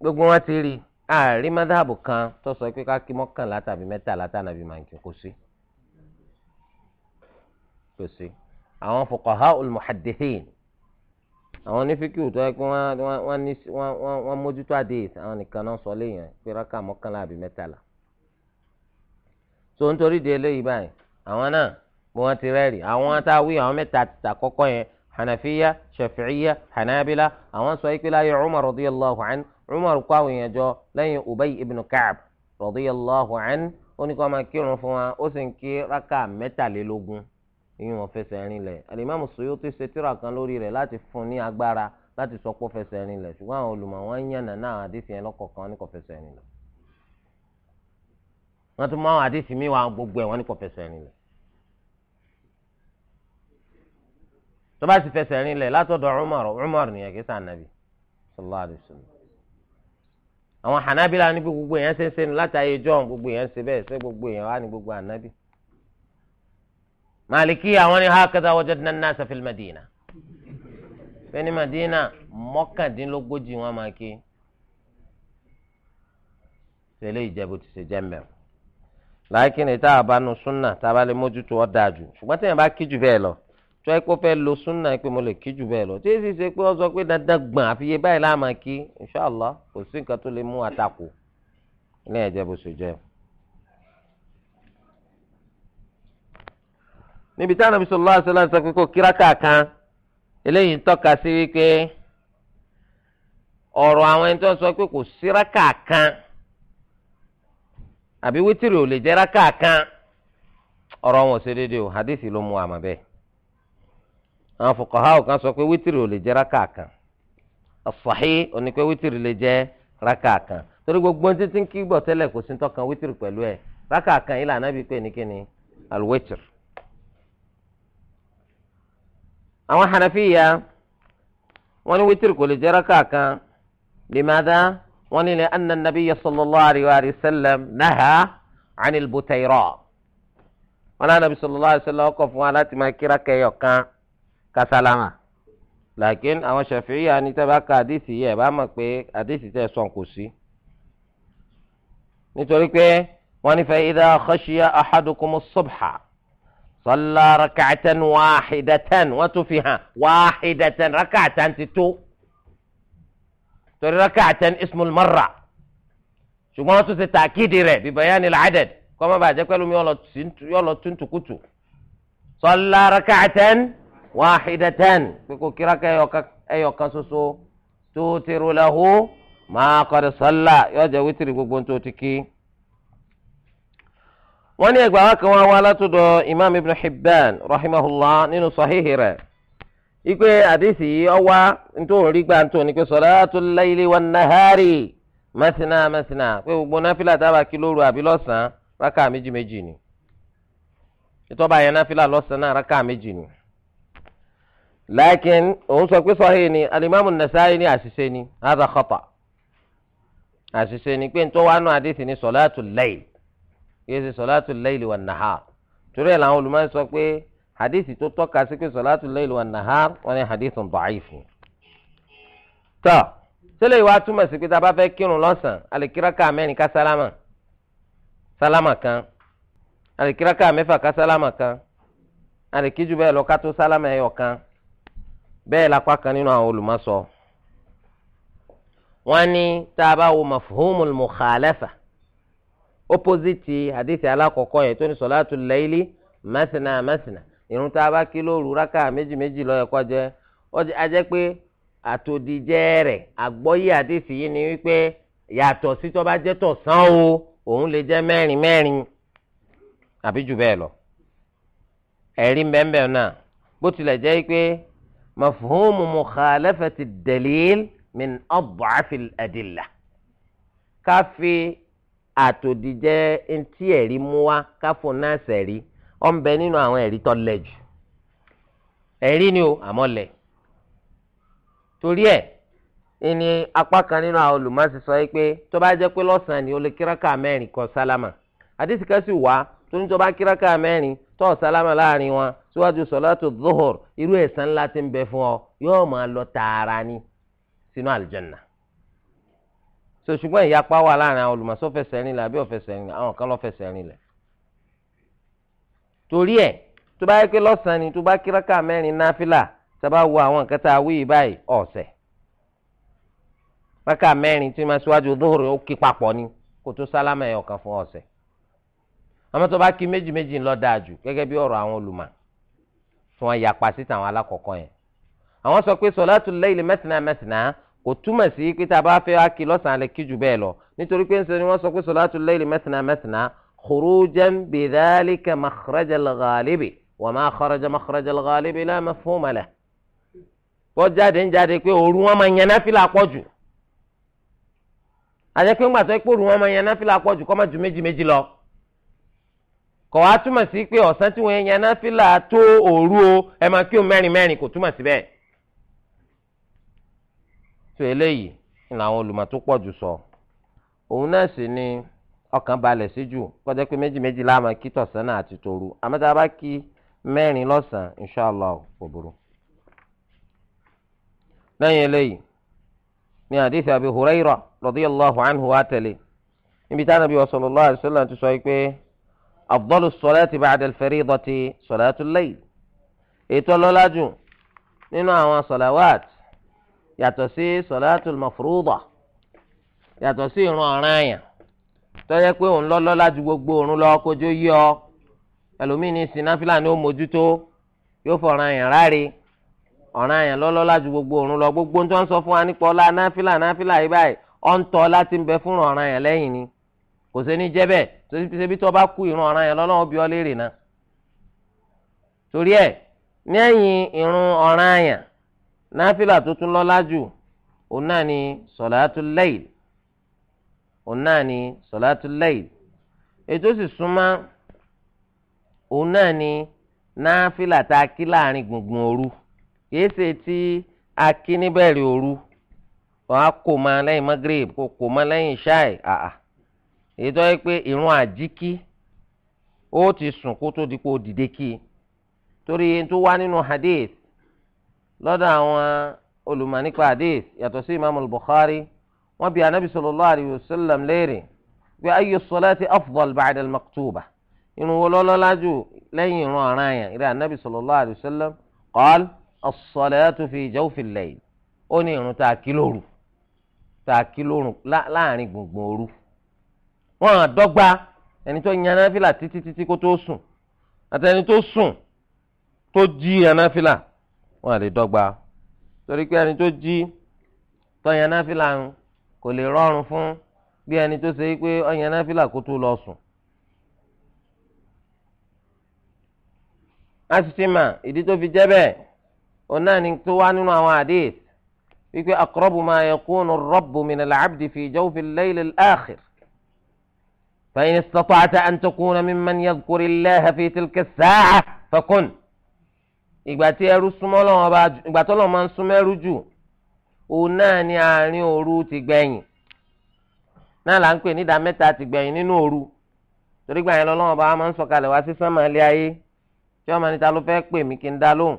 gbogbo wọn ti rí ààrí mádàbù kan tó sọ pé ká kí mọ́kànlá tàbí mẹ́tàlá tàbí màǹkì kò sí kò sí àwọn fuqaha al-muhaddithin àwọn onífíkìwù tó yẹ kí wọ́n mójútó àdéhìí àwọn nìkan náà sọ léèyàn pé rákà mọ́kànlá àbí mẹ́tàlá so nítorí di eléyìí báyìí àwọn náà bí wọ́n ti rẹ́ẹ̀rì àwọn tá a wí àwọn mẹ́ta àkọ́kọ́ yẹn hanafiya shafiya hanabila àwọn sọ ikpe láyé umar radiyallahu an umar kó àwọn èèyàn jọ lẹ́yìn ubay ibn ka'b radiyallahu an ó ní kó máa kírun fún wa ó sì ń kí raka mẹ́tàlélógún ìyẹn wọ́n fẹsẹ̀ rin lẹ̀ alimami suyuti ṣe tírà kan lórí rẹ̀ láti fún ní agbára láti sọ pé fẹsẹ̀ rin lẹ̀ ṣùgbọ́n àwọn olùmọ̀ wọn yànnà náà àdìsí yẹn lọ́kọ̀ọ̀kan ní kò fẹsẹ̀ rin lẹ̀. wọn tún mọ àwọn àdìsí mi wà gbogbo ẹ̀ wọ́n ní kò fẹsẹ̀ rìn lẹ̀ tó bá sì fẹsẹ̀ rìn lẹ̀ látọ̀dọ̀ Umar Umar nìyẹn kì sàn nàbì sallallahu gbogbo èèyàn ṣe ń ṣe ni látàyè gbogbo èèyàn ṣe ṣe gbogbo èèyàn Madina Madina wọn máa ti láìkí ni tá a bá nu súnà tá a bá lè mójútó ọ́ dáa jù ṣùgbọ́n tí èèyàn bá kí jù bẹ́ẹ̀ lọ tó ẹ kó fẹ́ lo súnà pé mo lè kí jù bẹ́ẹ̀ lọ tí èsì ṣe pé ọ sọ pé dandan gbọ̀n àfiyè báyìí láàmà kí inṣàlá kò sí nǹkan tó lè mú àtakò ilé ẹ̀jẹ̀ bó ṣe jẹ́. níbi táwọn ọmọ sọlá ṣọlá sọ pé kò kíráka kan eléyìí ń tọ́ka sí wípé ọ̀rọ̀ àwọn ẹni àbí wítìrì ò lè jẹ́ rákà kan ọ̀rọ̀ wọn ò ṣe déédéé o hadithi ló mú àmọ́ bẹ́ẹ̀ àwọn fuqaha kan sọ pé wítìrì ò lè jẹ́ rákà kan as-sahih ní pé wítìrì lè jẹ́ rákà kan torí gbogbo ohun títí ń kí bọ̀ tẹ́lẹ̀ kò sí ń tọ́kan wítìrì pẹ̀lú kan yìí lànà bíi pé ní kíni àwọn ولأن النبي صلى الله عليه وسلم نهى عن البتيراء ولا النبي صلى الله عليه وسلم وقف ولا تماكرا كيوكا كسلامة لكن أما شفعي يعني تبقى حديثي يبا مكبي حديثي تيسون كوسي نتوليك واني فإذا خشي أحدكم الصبح صلى ركعة واحدة وتفها واحدة ركعة تتو torí raka'atan ismul marra ṣùgbọ́n wọ́n tún ṣe tàkìdì rẹ̀ bí bayani al-adad kọ́ má bàjẹ́ pẹ̀lú mi yọ̀lọ̀ tuntukutu salla raka'atan wahidatan pé kò kí raka ẹyọkan ṣoṣo tutiru lahu ma qad salla yóò jẹ́ wítìrì gbogbo tó ti kí. wọ́n ní ẹgbàá kan wá wá látọ̀dọ̀ imam ibn hibban rahimahullah nínú sahihi rẹ̀. ikpe àdìsí ọwá ntòrí gbà ntòní pé salatul layli wan nahari masina masina pé gbogbo náfìlà tábà kí lóru àbí lọ́sàn-án rákà méjì méjì ni ìtọ́ba na náfìlà lọ́sàn-án rákà méjì ni. lakin òun sọ pé sahih ni alimami Nasa'i ni àṣìṣe ni hadha khata àṣìṣe ni pé ntọ́ wa nù àdìsí ni salatul layl kì í ṣe salatul layli wan nahar sọ pé. hadithi tó tọ́ka sí pé sọ̀látù layl wa nahar wọn ni hadithi da'if. tọ́ sílẹ̀ ìwà túmọ̀ sí pé tá a bá fẹ́ kírun lọ́sàn-án alìkíraka mẹ́rin ká sálámà sálámà kan alìkíraka mẹ́fà ká sálámà kan alìkíjú bẹ́ẹ̀ lọ ká tó sálámà ẹ̀yọ̀ kan bẹ́ẹ̀ lápá kan nínú àwọn olùmọ̀sọ. wọ́n ní tá a bá wo mafhumul mukhalafa opposite hadithi alákọ̀ọ́kọ́ yẹn tó ní sọ̀látù layli mẹ́sìnà mẹ́sìnà irun tá a bá kí lóru rákà méjì méjì lọ́yọ̀ kó jẹ́ ó jẹ́ a jẹ́ pé àtòdìjẹ́ rẹ̀ àgbọ́yé àdìsí yìí ni wípé yàtọ̀ sí tó bá jẹ́ tọ̀sán o òun lè jẹ́ mẹ́rin mẹ́rin àbí jù bẹ́ẹ̀ lọ ẹ̀rí mbẹ́mbẹ́ náà bó tilẹ̀ jẹ́ pé mafhumu mukhalafati dalil min ad'afi al-adilla ká fi àtòdìjẹ́ ntí ẹ̀rí mú wa ká fún náà sẹ̀rí. ó ń bẹ nínú àwọn ẹ̀rí tó jù ni o àmọ́ lẹ̀ torí ẹ̀ ẹni apá kan nínú àwọn olùmọ̀ọ́sí sọ pé tó bá jẹ́ pé lọ́sàn-án ni o lè kíráka mẹ́rin sálámà kan sì wá tó tó bá kíráka mẹ́rin sálámà láàrin wọn síwájú irú ẹ̀sán ńlá ti ń bẹ fún ọ yóò máa lọ tààrà ni sínú àlùjànnà ìyapa wà láàrin àwọn torí ẹ̀ tó bá yẹ pé lọ́sàn-án ni tó bá kíráka mẹ́rin náfìlà sábà wo àwọn nǹkan tá a wí báyìí ọ̀sẹ̀ rákà mẹ́rin tí ma síwájú dóhùrù ó kí papọ̀ ni kó tó sálámà ẹ̀ ọ̀kan fún ọ̀sẹ̀ àmọ́ tó bá kí méjì méjì ńlọ dáa jù gẹ́gẹ́ bí ọ̀rọ̀ àwọn olùmọ̀ tí wọ́n yapa sí tàwọn alákọ̀ọ́kọ́ yẹn àwọn sọ pé sọ̀látù láylì mẹ́tìnà mẹ́tìnà kò túmọ̀ sí pé tá a bá fẹ́ wá kí lọ́sàn-án lè kí jù bẹ́ẹ̀ lọ nítorí pé ńṣe ni wọ́n sọ pé sọ̀látù láylì mẹ́tìnà mẹ́tìnà خروجا بذلك مخرج الغالب وما خرج مخرج الغالب لا مفهوم له kọ́ jáde ń jáde pé òru wọn máa yan náfìlà pọ̀ jù àti pé ńgbà tó pé òru wọn máa yan náfìlà pọ̀ jù kọ́ má ju méjì méjì lọ kọ́ wa túmọ̀ sí pé ọ̀sán tí wọ́n yan náfìlà tó òru o ẹ máa kí o mẹ́rin mẹ́rin kò túmọ̀ sí bẹ́ẹ̀ tó eléyìí ni àwọn olùmọ̀ tó pọ̀ jù sọ òun náà sì ni. So ọkàn balẹ̀ sí jù kọjá pé méjì méjì láàmú kí tọ̀sán náà àti tòru àmọ́ tá a bá kí mẹ́rin lọ́sàn-án inṣàlá kò burú. lẹ́yìn eléyìí ni àdìsí àbí huraira radiyallahu anhu wa tẹ̀lé níbi táwọn àbí sallallahu alaihi wasallam ti sọ pé afdalu salati ba'da al-faridati salatul layl ètò ọlọ́lájú nínú àwọn salawat yàtọ̀ sí salatul mafruḍa yàtọ̀ sí ìrun ọ̀ranyàn tọ́jà pé òun lọ́lọ́ láti gbogbo òun lọ kójú yí ọ ẹlòmíì ní sináfílà ni ó mójútó yóò fọ̀ràn àyàn ráre ọ̀ràn àyàn lọ́lọ́ láti gbogbo òun lọ gbogbo tó ń sọ fún wa nípa ọlá náfílà yìí báyìí ọ̀ ń tọ́ láti ń bẹ fún ọ̀ràn àyàn lẹ́yìn ni kò sí ní jẹ́ ṣebí tó bá ọ léèrè náà torí òun náà ni sọ̀látù láyl ètò sì súnmọ́ òun náà ni náfìlà tá a kí láàrin gbùngbùn òru kìí ṣe tí a kí níbẹ̀rẹ̀ òru wọn á kò máa lẹ́yìn magreb kò kò máa lẹ́yìn ṣáì àà ètò yẹ pé ìrun àjíkí ó ti sùn kó tó di pé ó dìde kí torí tó wá nínú hadith lọ́dọ̀ àwọn olùmọ̀ nípa hadith yàtọ̀ sí imaamu bukhari wọ́n bi anabi sallallahu alayhi wa sallam léèrè pé ayyu salati afdal ba'da al-maktuba irun wo lọ́lọ́lá jù lẹ́yìn irun ọ̀ràn yẹn ìrẹ́ anabi sallallahu alayhi wa sallam qal as-salatu fi jawfi al-layl ó ní irun tá a kí lóru tá a kí lóru láàrin gbùngbùn òru wọ́n á dọ́gba ẹni tó yan náfìlà títí títí kó tó sùn àtẹni tó sùn tó jí yan náfìlà wọ́n lè dọ́gba torí pé ẹni tó jí tó yan ń kò lè rọrùn fún bí ẹni tó ṣe pé ọyàn náfìlà kó tó lọ sùn. asitima ìdí tó fi jẹ́ bẹ́ẹ̀ òun náà ni tó wá nínú àwọn hadith wípé aqrabu ma yakunu ar-rabbu min al-'abdi fi jawfi al-layl al-akhir فإن استطعت أن تكون ممن يذكر الله في تلك الساعة فكن ìgbà tí ẹrú súnmọ́ lọ́wọ́ bá ìgbà tó lọ́wọ́ máa ń súnmọ́ ẹrú jù òun náà ní àárín òru ti gbẹ̀yìn náà là ń pè ní mẹ́ta ti gbẹ̀yìn nínú òru torí gbà yẹn lọ́wọ́ bá wa máa ń sọ̀kalẹ̀ wá sí sánmàlẹ́ ayé tí wọ́n máa ní ta ló fẹ́ pè mí kí n dá lóhùn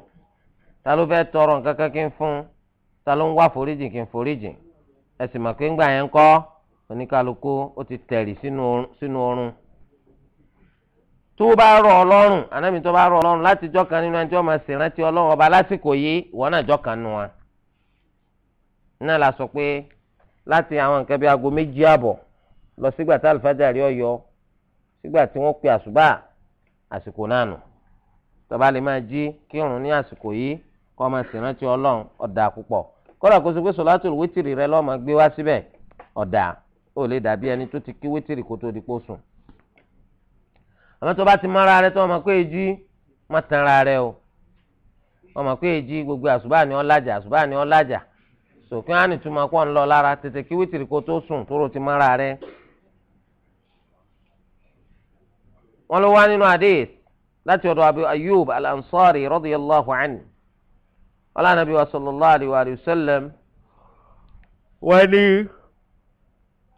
ta ló fẹ́ tọrọ nǹkan n fún ta ló ń wá foríjìn kí n foríjìn ẹ sì mọ̀ pé ńgbà yẹn ń kọ́ ó ti tẹ̀rì rọ ọlọ́run bá rọ ọlọ́run látijọ́ kan nínú ẹni tí wọ́n máa ọlọ́run ọba lásìkò yìí ìwọ náà kan náà la sọ pé láti àwọn nǹkan bíi aago méjì àbọ̀ lọ sígbà tá àlùfáàjàrí ọyọ sígbà tí wọ́n pe àṣùbà àsìkò náà nù tó bá lè máa jí kírun ní àsìkò yìí kó máa sì rántí ọlọ́run ọ̀dà púpọ̀ kódà kó so pé sọ̀látò wítìrì rẹ lọ́ọ́ máa gbé wá síbẹ̀ ọ̀dà ó lè dàbí ẹni tó ti kí wítìrì kó tó di pò sùn. àmọ́ tó bá ti mọ́ra rẹ tó máa pé èjì má tanra rẹ o wọ́n máa pé èjì gbogbo àṣùbà ni ó lájà àṣùbà ni ó lájà sòkè á ní túmọ̀ kó ń lọ lára tètè kí wítìrì kó tó sùn tóró ti mọ́ra rẹ. wọ́n ló wá nínú hadith láti ọ̀dọ̀ Abu Ayyub al-Ansari radiyallahu anhu wọ́n lánàá bí wa sallallahu alayhi wa sallam wọ́n ní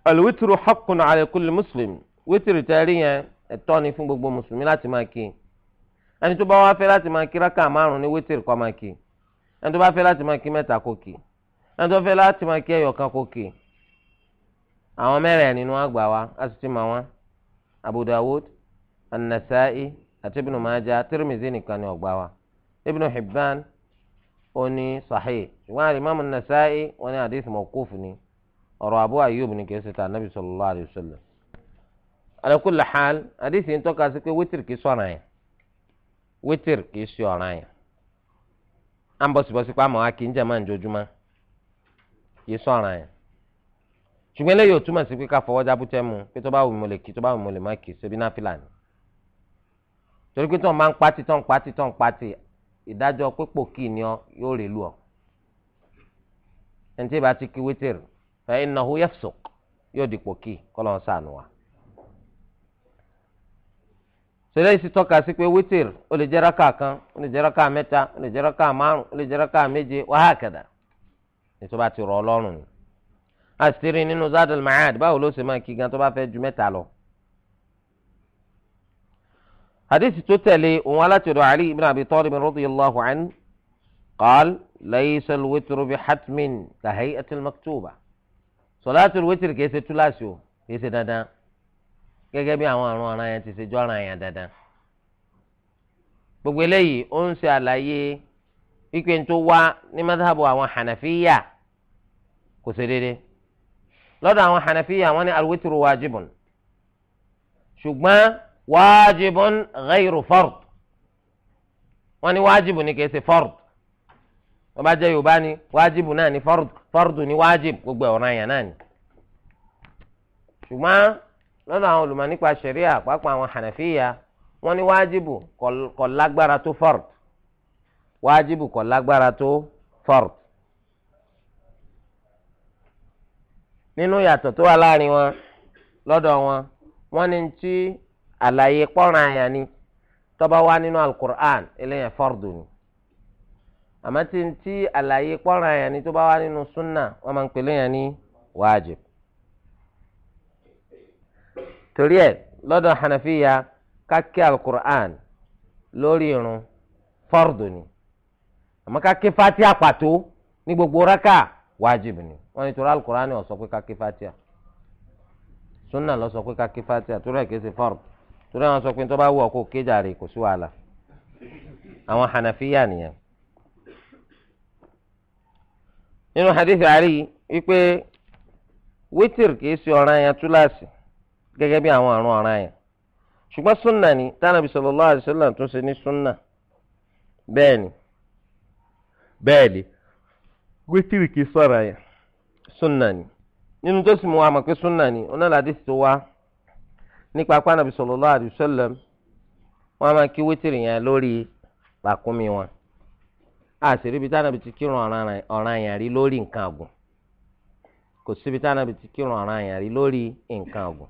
alwitru haqqun ala kulli muslim wítìrì tẹ́rí yẹn ẹ̀tọ́ ni fún gbogbo mùsùlùmí láti máa kí ẹni tó bá wá fẹ́ láti máa kí rákà márùn-ún ní wítìrì kó máa kí ẹni tó bá fẹ́ láti máa kí mẹ́ta kó kí nàtọ́ fẹ́ láti máa kí ẹyọ kan kókè àwọn mẹ́rin nínú àgbà wa a sì ti mọ̀ wọn Abu Dawud An-Nasa'i àti Ibn Majah Tirmidhi nìkan ni ọgbà wa Ibn Hibban oní sahih ìwọ́n àti Imam An-Nasa'i wọn ní hadith mawquf ni ọ̀rọ̀ Abu Ayyub ni kìí ṣe ta Nabi sallallahu alayhi wa sallam ala kulli hal hadith yìí ń tọ́ka sí pé wítìrì kìí sọ̀ràn yẹn wítìrì kìí sọ̀ràn wa kì í jẹ́ yìí sọ ara yẹn ṣùgbọ́n eléyìí ò túmọ̀ sí pé ká fọwọ́ jábútẹ́ mu pé tó bá wù mí mo lè kí tó bá wù mí mo lè má kí ṣebí náfìlà ni torí pé tó ń máa ń pátì tó ń pátì tó ń pátì ìdájọ́ pípò kì ni ọ yóò rè lù ọ ẹni tí ìbá ti kí wítìrì fa innahu yafsuq yóò dìpò kì kọ́lọ́ ń sànù wa. sọlá yìí sì tọ́ka sí pé wítìrì ó lè jẹ́ rákà kan ó lè jẹ́ rákà mẹ́ta ó lè jẹ́ rákà márùn ó lè jẹ́ rákà méje wa hakada ní tó bá ti rọ̀ ọlọ́run ni àṣírí nínú zadal mahad báwo ló ṣe máa kí gan tó bá fẹ́ ju mẹ́ta lọ. hadith tó tẹ̀lé òun alátìrò ali ibn abi talib radiyallahu anhu qaal laysa alwitru bi hatmin ka hay'ati almaktuba sọláàtì alwitru kìí ṣe túláàsì o kìí ṣe dandan gẹ́gẹ́ bí àwọn àrùn ọ̀ràn yẹn ti ṣe jọ́ ọ̀ràn yẹn dandan. gbogbo eléyìí ó ń ṣe àlàyé wípé n tó wá ní madhabu àwọn hànàfíyà kò sí déédéé lọ́dọ̀ àwọn hànàfíyà wọ́n ní alwitru wájibùn ṣùgbọ́n wájibùn ghayru fard wọ́n ní wájibùn ni kìí ṣe fard wọ́n bá jẹ́ yorùbá ni wájibùn náà ni fard fard ni wájib gbogbo ọ̀ràn yẹn náà ni ṣùgbọ́n lọ́dọ̀ àwọn olùmọ̀ nípa ṣẹ̀ríà pàápàá àwọn hànàfíyà wọ́n ní fard. wájibù kò lágbára tó fard nínú yàtọ̀ tó wà láàrin wọn lọ́dọ̀ wọn wọ́n ní tí àlàyé pọ́nrán àyà ni tó bá wá nínú alukur'an eléyàn fardu ni àmọ́ tí ń tí àlàyé pọ́nrán àyà ni tó wá nínú sunna wọ́n máa ń pè léyàn ní wájib. torí ẹ̀ lọ́dọ̀ hanafiya ká alukur'an lórí irun fardu ni. àmọ́ ká ké fatia pàtó ní gbogbo raka wájib ni wọ́n ní torí alukurani ó sọ pé ká ké fatia sunna ló sọ pé ká ké fatia torí ẹ̀ kìí ṣe fard torí àwọn sọ pé tó bá wù ọ́ kó kéjàre kò sí wàhálà àwọn hànàfíyà nìyẹn. nínú hadith Ali wípé wítìrì kìí ṣe ọ̀ràn yẹn túláàsì gẹ́gẹ́ bí àwọn àrùn ọ̀ràn yẹn ṣùgbọ́n sunna ni tánàbí sallallahu alaihi wasallam ṣe ní sunna bẹ́ẹ̀ ni. bẹ́ẹ̀lì wítìrì kì í sọ̀rọ̀ ni nínú tó sì mú wa pé ni onílàdí ti wá nípa apá nàbì wọn a máa kí wítìrì yẹn lórí ràkúnmí wọn àṣírí ibi tánàbì ti kírun ọ̀ràn yẹn rí lórí nǹkan àgùn kò síbi tánàbì ti kírun ọ̀ràn yẹn rí lórí nǹkan àgùn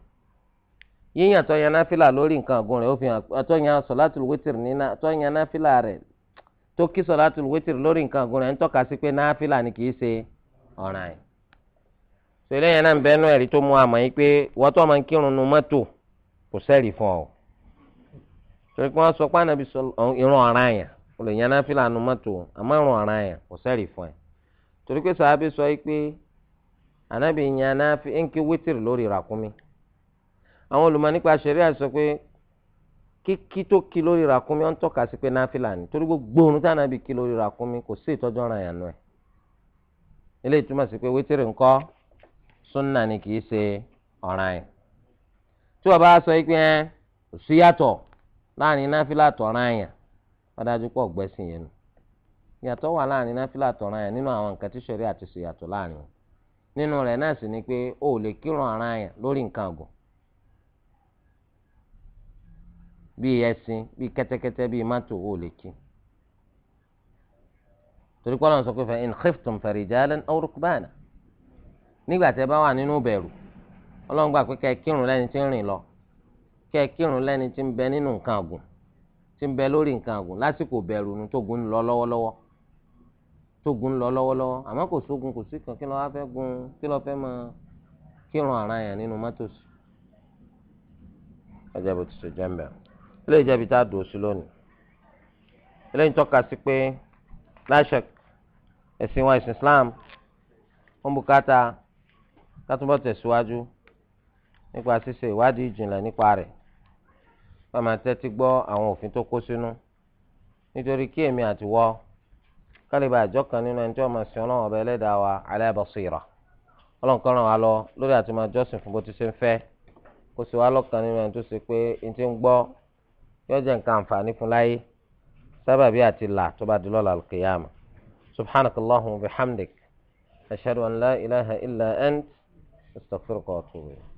yíyan tó yan náfìlà lórí nǹkan àgùn rẹ̀ ó fi hàn tó kí sọláàtù wítìrì lórí nǹkan ọ̀gùn rẹ̀ ń tọ́ka sí pé náfìlà ni kì í ṣe ọ̀ràn yìí. sọlẹ́ yẹn náà ń bẹ́ẹ̀ ẹ̀rí tó mú àmọ́ kò fún ọ. torí pé wọ́n sọ pé ànábi ìran ọ̀ràn yẹn o lè yan náfìlà nu mọ́tò àmọ́ ìran ọ̀ràn yẹn kò sẹ́ẹ̀rì fún ẹ. torí pé sàábì sọ yìí pé yan ń kí wítìrì lórí àwọn olùmọ̀ nípa kíkí tó kí lórí ràkúnmí ọ̀ ń tọ́ka sí pé náfìlà ni torí gbogbo òun tí ànábì kí lórí rakumi kò sí ìtọ́jú ọ̀ràn yàn ẹ̀ eléyìí túmọ̀ sí pé wétírì ńkọ́ súnà ni kì í ṣe ọ̀ràn yẹn tí wọ́n bá sọ pé ẹ kò sí yàtọ̀ láàrin náfìlà tọ̀ràn yàn wọ́n pọ̀ gbẹ́sìn yẹn yàtọ̀ wà láàrin náfìlà tọ̀ràn nínú àwọn nǹkan bíi ẹṣin bíi kẹ́tẹ́kẹ́tẹ́ bíi mọ́tò ò lè kí torí kọ́lọ́n sọ pé fa in khiftum farijalan aw rukbana nígbà tẹ́ bá wà nínú bẹ̀rù ọlọ́run gbà pé kẹ́ kírun lẹ́ni tí ń rìn lọ kẹ́ kírun lẹ́ni tí ń bẹ nínú nǹkan ọ̀gùn tí ń bẹ lórí nǹkan ọ̀gùn lásìkò bẹ̀rù nu tógun ń lọ lọ́wọ́lọ́wọ́ tógun ń lọ lọ́wọ́lọ́wọ́ àmọ́ kò sógun kò sí kan kí ló wá fẹ́ gun kí ló fẹ́ máa kírun àrà yàn nínú mọ́tò ọjọ́ bó ti ṣe jẹ́ ń bẹ̀rù eléyìí jẹ́ ibi tá a dùn sí lónìí eléyìí tọ́ka sí pé láṣẹ ẹ̀sìn wa ẹ̀sìn Islam ó ń bùkátà kátúbọ̀ tẹ̀síwájú nípa ṣíṣe ìwádìí ìjìnlẹ̀ nípa rẹ̀ wọ́n máa tẹ́tí gbọ́ àwọn òfin tó kó sínú nítorí kí èmi àti wọ́ kálíbà àjọ kan nínú ẹni tí wọ́n máa sin ọlọ́run ọba ẹlẹ́dàá wa ala basira ọlọ́run kan ràn wá lọ lórí àti máa jọ́sìn fún bó ti ṣe ń fẹ́ kó sì wá lọ́kàn nínú ẹni tó ṣe pé ẹni tí ń gbọ́ yóò jẹ́ nǹkan àǹfààní fún láyé sábàbí àti là tó bá di lọ́la alqiyama subhanakallahumma wa bihamdik ashhadu an la ilaha illa ant astaghfiruka wa atubu ilayk.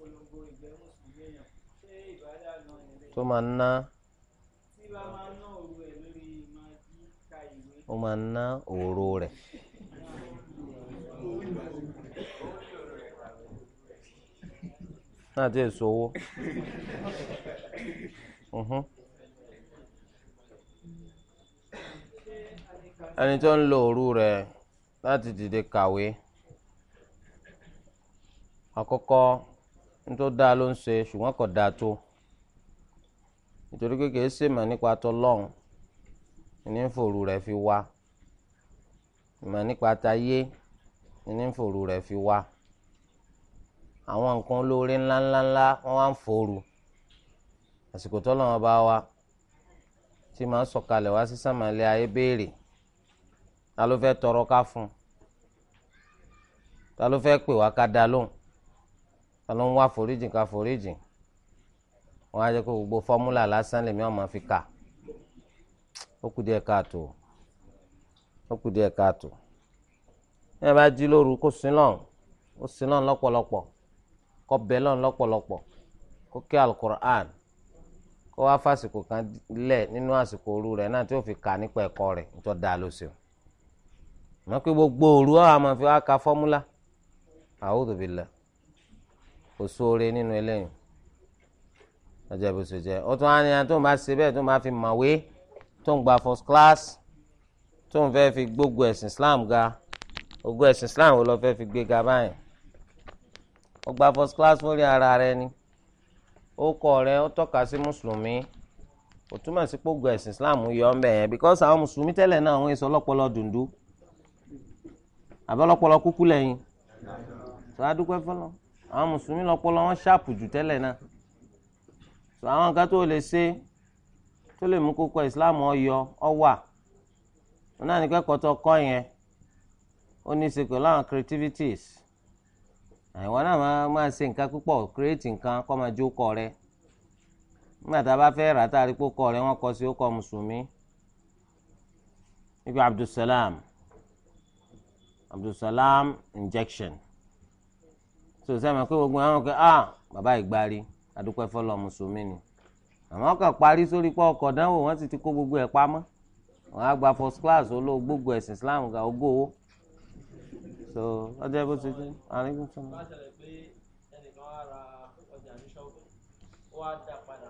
polongo ìgbẹ́ mùsùlùmí èèyàn ṣé ìbádà náà ẹ̀rẹ́. tó máa ń ná. tí bá máa ń ná òru ó máa ń ná òru rẹ̀. náà ti èso owó. ẹni tó ń lo òru rẹ̀ láti dìde kàwé àkọ́kọ́ nítorí dáa ló ń ṣe ṣùgbọ́n kò dáa tó nítorí kékeré sèmà nípa tọlọ́hún ní fòrú rẹ̀ fi wá ìmọ̀ nípa tayé ní fòrú rẹ̀ fi wá àwọn nǹkan olóore ńláńláńlá wọ́n wá ń fòrú àsìkò tọ́lọ́wọ́n bá wa tí màá sọ̀kalẹ̀ wá sí sàmàlẹ́ ayé béèrè ta ló fẹ́ tọrọ ká fún un ta ló fẹ́ pè wá ká dá lóhùn. ta ló ń wá foríjìn ká foríjìn wọn á kó gbogbo fọmúlà lásán lèmi fi kà ó kù díẹ̀ káàtó ó kù díẹ̀ káàtó ní ẹ bá jí lóru kó sin ó sin lọ́pọ̀lọpọ̀ kó bẹ lọ́pọ̀lọpọ̀ kó kí alukur'an kó wá kan lẹ̀ nínú àsìkò òru rẹ̀ náà tí ó fi fi ka fọ́múlà a'udhu kò sóore nínú eléyìí ọjọ́ bó ṣe jẹ́ ó tún á bá ṣe bẹ́ẹ̀ tó ń fi mọ̀wé tó ń gba first class tó ń fẹ́ fi gbógun ẹ̀sìn Islam ga ogun ẹ̀sìn Islam wo lọ fẹ́ fi gbé ga báyìí ó gba first class fúnrí ara rẹ ni ó kọ rẹ ó tọ́ka sí mùsùlùmí kò túmọ̀ sí pògùn ẹ̀sìn Islam yọ ọ́ mbẹ̀ yẹn because àwọn mùsùlùmí tẹ́lẹ̀ náà wọ́n sọ ọlọ́pọlọ dùndú àbẹ́ ọlọ́pọlọ kúkú lẹ́yìn tó a dúpẹ́ fọlọ́ àwọn mùsùlùmí lọ́pọlọ wọn ṣáàpù jù tẹ́lẹ̀ náà sọ àwọn nǹkan tó lè ṣe tó lè mú kókó islam ọyọ ọwà wọn náà ní kẹ́kọ̀ọ́ tó kọ́ yẹn ó ní í ṣe pẹ̀lú àwọn creativities àìwọ náà máa ṣe nǹkan púpọ̀ create nǹkan kọ́ máa jó kọ rẹ nígbà tá a bá fẹ́ rà tá a kọ rẹ wọ́n kọ sí ó mùsùlùmí níbi abdulsalam abdulsalam injection so sẹ́mi pé gbogbo àwọn kẹ́ ah bàbá ìgbárí adúpẹ́ fọlọ́ mùsùlùmí ni àmọ́ kàn parí sórí pé ọkọ̀ dánwò wọ́n ti ti kó gbogbo ẹ̀ pamọ́ wọ́n á gba first class olóò gbogbo ẹ̀sìn Islam ga ogó owó so ọjọ́ bó ti jẹ́ àríkún tó mọ́. wá dá padà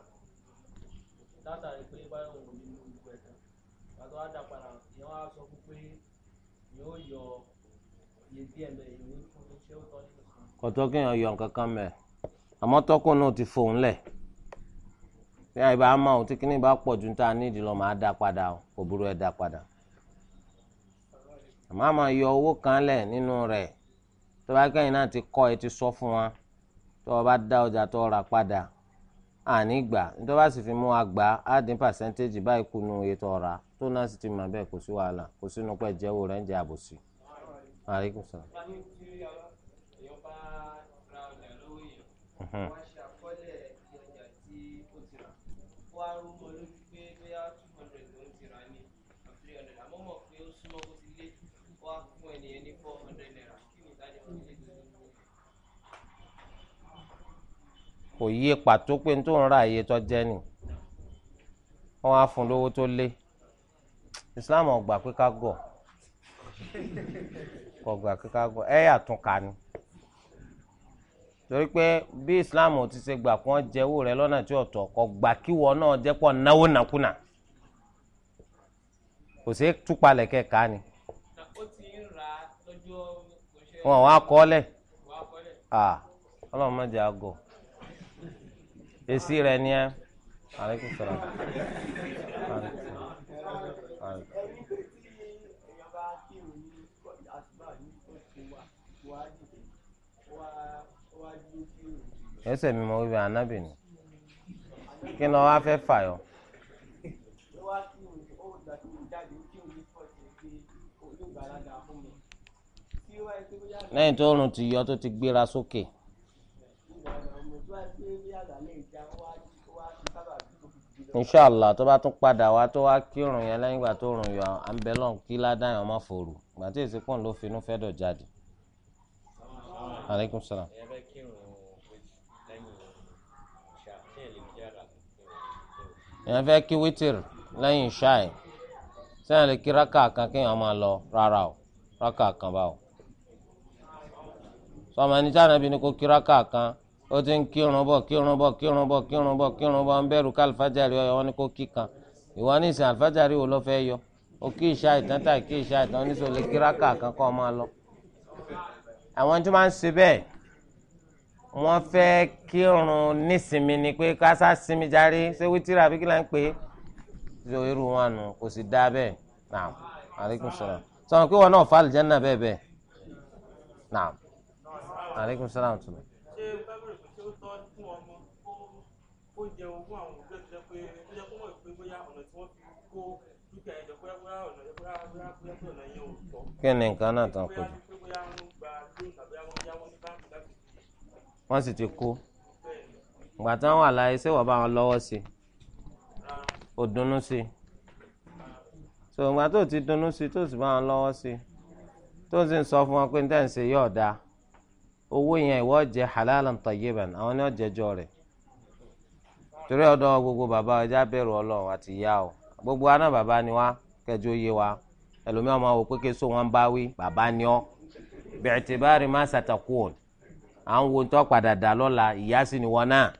látàrí pé báyọ̀ wò nínú gbogbo ẹ̀tàn pàtó wá dá padà ìyẹn wá sọ fún pé yóò yọ iye díẹ̀ lọ èyí fún iṣẹ́ ó tọ́ nínú kọtọ kéèyàn yọ nǹkan kan mẹ àmọ́ tọkùn náà ti fòun lẹ bí àyè bá máa ò tí kíní bá pọ̀ ju ta nídìí lọ máa dá padà kò burú ẹ dá padà àmọ́ àmọ́ yọ owó kan lẹ̀ nínú rẹ̀ tó bá kẹ́yìn náà ti kọ́ ẹ ti sọ fún wa tó o bá dá ọjà tó rà padà àní gbà tó bá sì fi mú wa gbà á dín pàṣẹ́ntéèjì báyìí kù nù iye tó rà tó náà sì ti mọ̀ bẹ́ẹ̀ kò sí wàhálà kò sínú pẹ́ jẹ́wọ́ rẹ̀ ń jẹ́ àbòsí. Mm-hmm. wọ́n á ṣe àkọọ́lẹ̀ ọjà tí ó ti rà wọ́n á rú mọ́ lójú pé bóyá two hundred ló ń ti rà ní three kò yí pàtó pé n tó ń ra iye tó jẹ́ ni wọ́n á fún lówó tó lé Islam ò pé ká gọ̀ kò pé ká gọ̀ ẹ̀ tún ka ni torí pé bí islam ò ti ṣe gbà kó wọn jẹ owó rẹ lọ́nà tí ọ̀tọ̀ kò gbà kí wọn náà jẹ́ pọ̀ náwó nàkúnà kò sí túpalẹ̀ kẹ́ka ni. wọn wá kọ́ ọlọ́run má àgọ́ èsì rẹ̀ ni ẹ́ alaikum salaam. ẹsẹ̀ mi mọ wípé anábì ni kí ni wọ́n á fẹ́ fà yọ. lẹ́yìn tó rùn ti yọ tó ti gbéra sókè. inṣàlá tó bá tún padà wá tó wá kírun yẹn lẹ́yìn ìgbà tó rùn yọ à ń bẹ lọ́n kí ládàáyàn má fòrò gbàtí èsì pọ̀ ló finú fẹ́ dọ̀ jáde. aleykum salaam. èèyàn fẹ́ kí wítìrì lẹ́yìn ṣáì sẹ́yìn lè kí rákà kan kéèyàn máa lọ rárá o rákà kan báwo. sọmọ ẹni tí ànábi ni kò kí rákà kan ó ti ń kírun bọ̀ kírun bọ̀ kírun bọ̀ kírun bọ̀ kírun bọ̀ ń bẹ̀rù ká alifájàrí ọ̀yọ́ wọn ni kò kí kan ìwọ ní ìsìn alifájàrí wo ló fẹ́ yọ ó kí ìṣá ìtàn kí ìṣá ìtàn oníṣòwò lè kí rákà kan kọ́ ọ máa lọ. àwọn tí wọ́n máa ń ṣe bẹ́ẹ̀ wọ́n fẹ́ kírun nísìmí ni pé kásá sinmi járe ṣé wítírà àbí kí là ń pè é ṣe irú wọn nù kò sì dá bẹ́ẹ̀ naam aleykum salaam sọ̀rọ̀ pé wọn náà fa àlùjánnà bẹ́ẹ̀ bẹ́ẹ̀ naam aleykum salaam tún. ṣé bábẹ́rẹ̀ tó tọ́ fún ọmọ kó jẹ ogún àwọn òbí ẹ̀ tó jẹ́ pé ó jẹ́ kó mọ̀ pé bóyá ọ̀nà tí wọ́n fi kó dúkìá ẹ̀jọ̀ bóyá bóyá ọ̀nà yẹn ò tọ́. kí ni nǹkan náà tán kò jù wọ́n sì ti kú ìgbà tí wọ́n wà láyé ṣé wọ́n bá wọn lọ́wọ́ sí i ò dunnú sí i so ìgbà tó ti dunnú sí i tó sì bá wọn lọ́wọ́ sí i tó sì ń sọ fún wọn pé ní tẹ̀sí yóò dáa owó yẹn ìwọ jẹ halalan tayyiban àwọn ni wọ́n jẹjọ rẹ̀ torí ọ̀dọ̀ gbogbo bàbá ọjà bẹ̀rù Ọlọ́run àti ìyá o gbogbo aná bàbá ni wá kẹjọ yé wa ẹlòmíràn máa wò pé kí so wọn bá wí bàbá ni ọ bi'tibari ma satakun à ń wo tó padà dà lọ́la ìyá sì ni wọn náà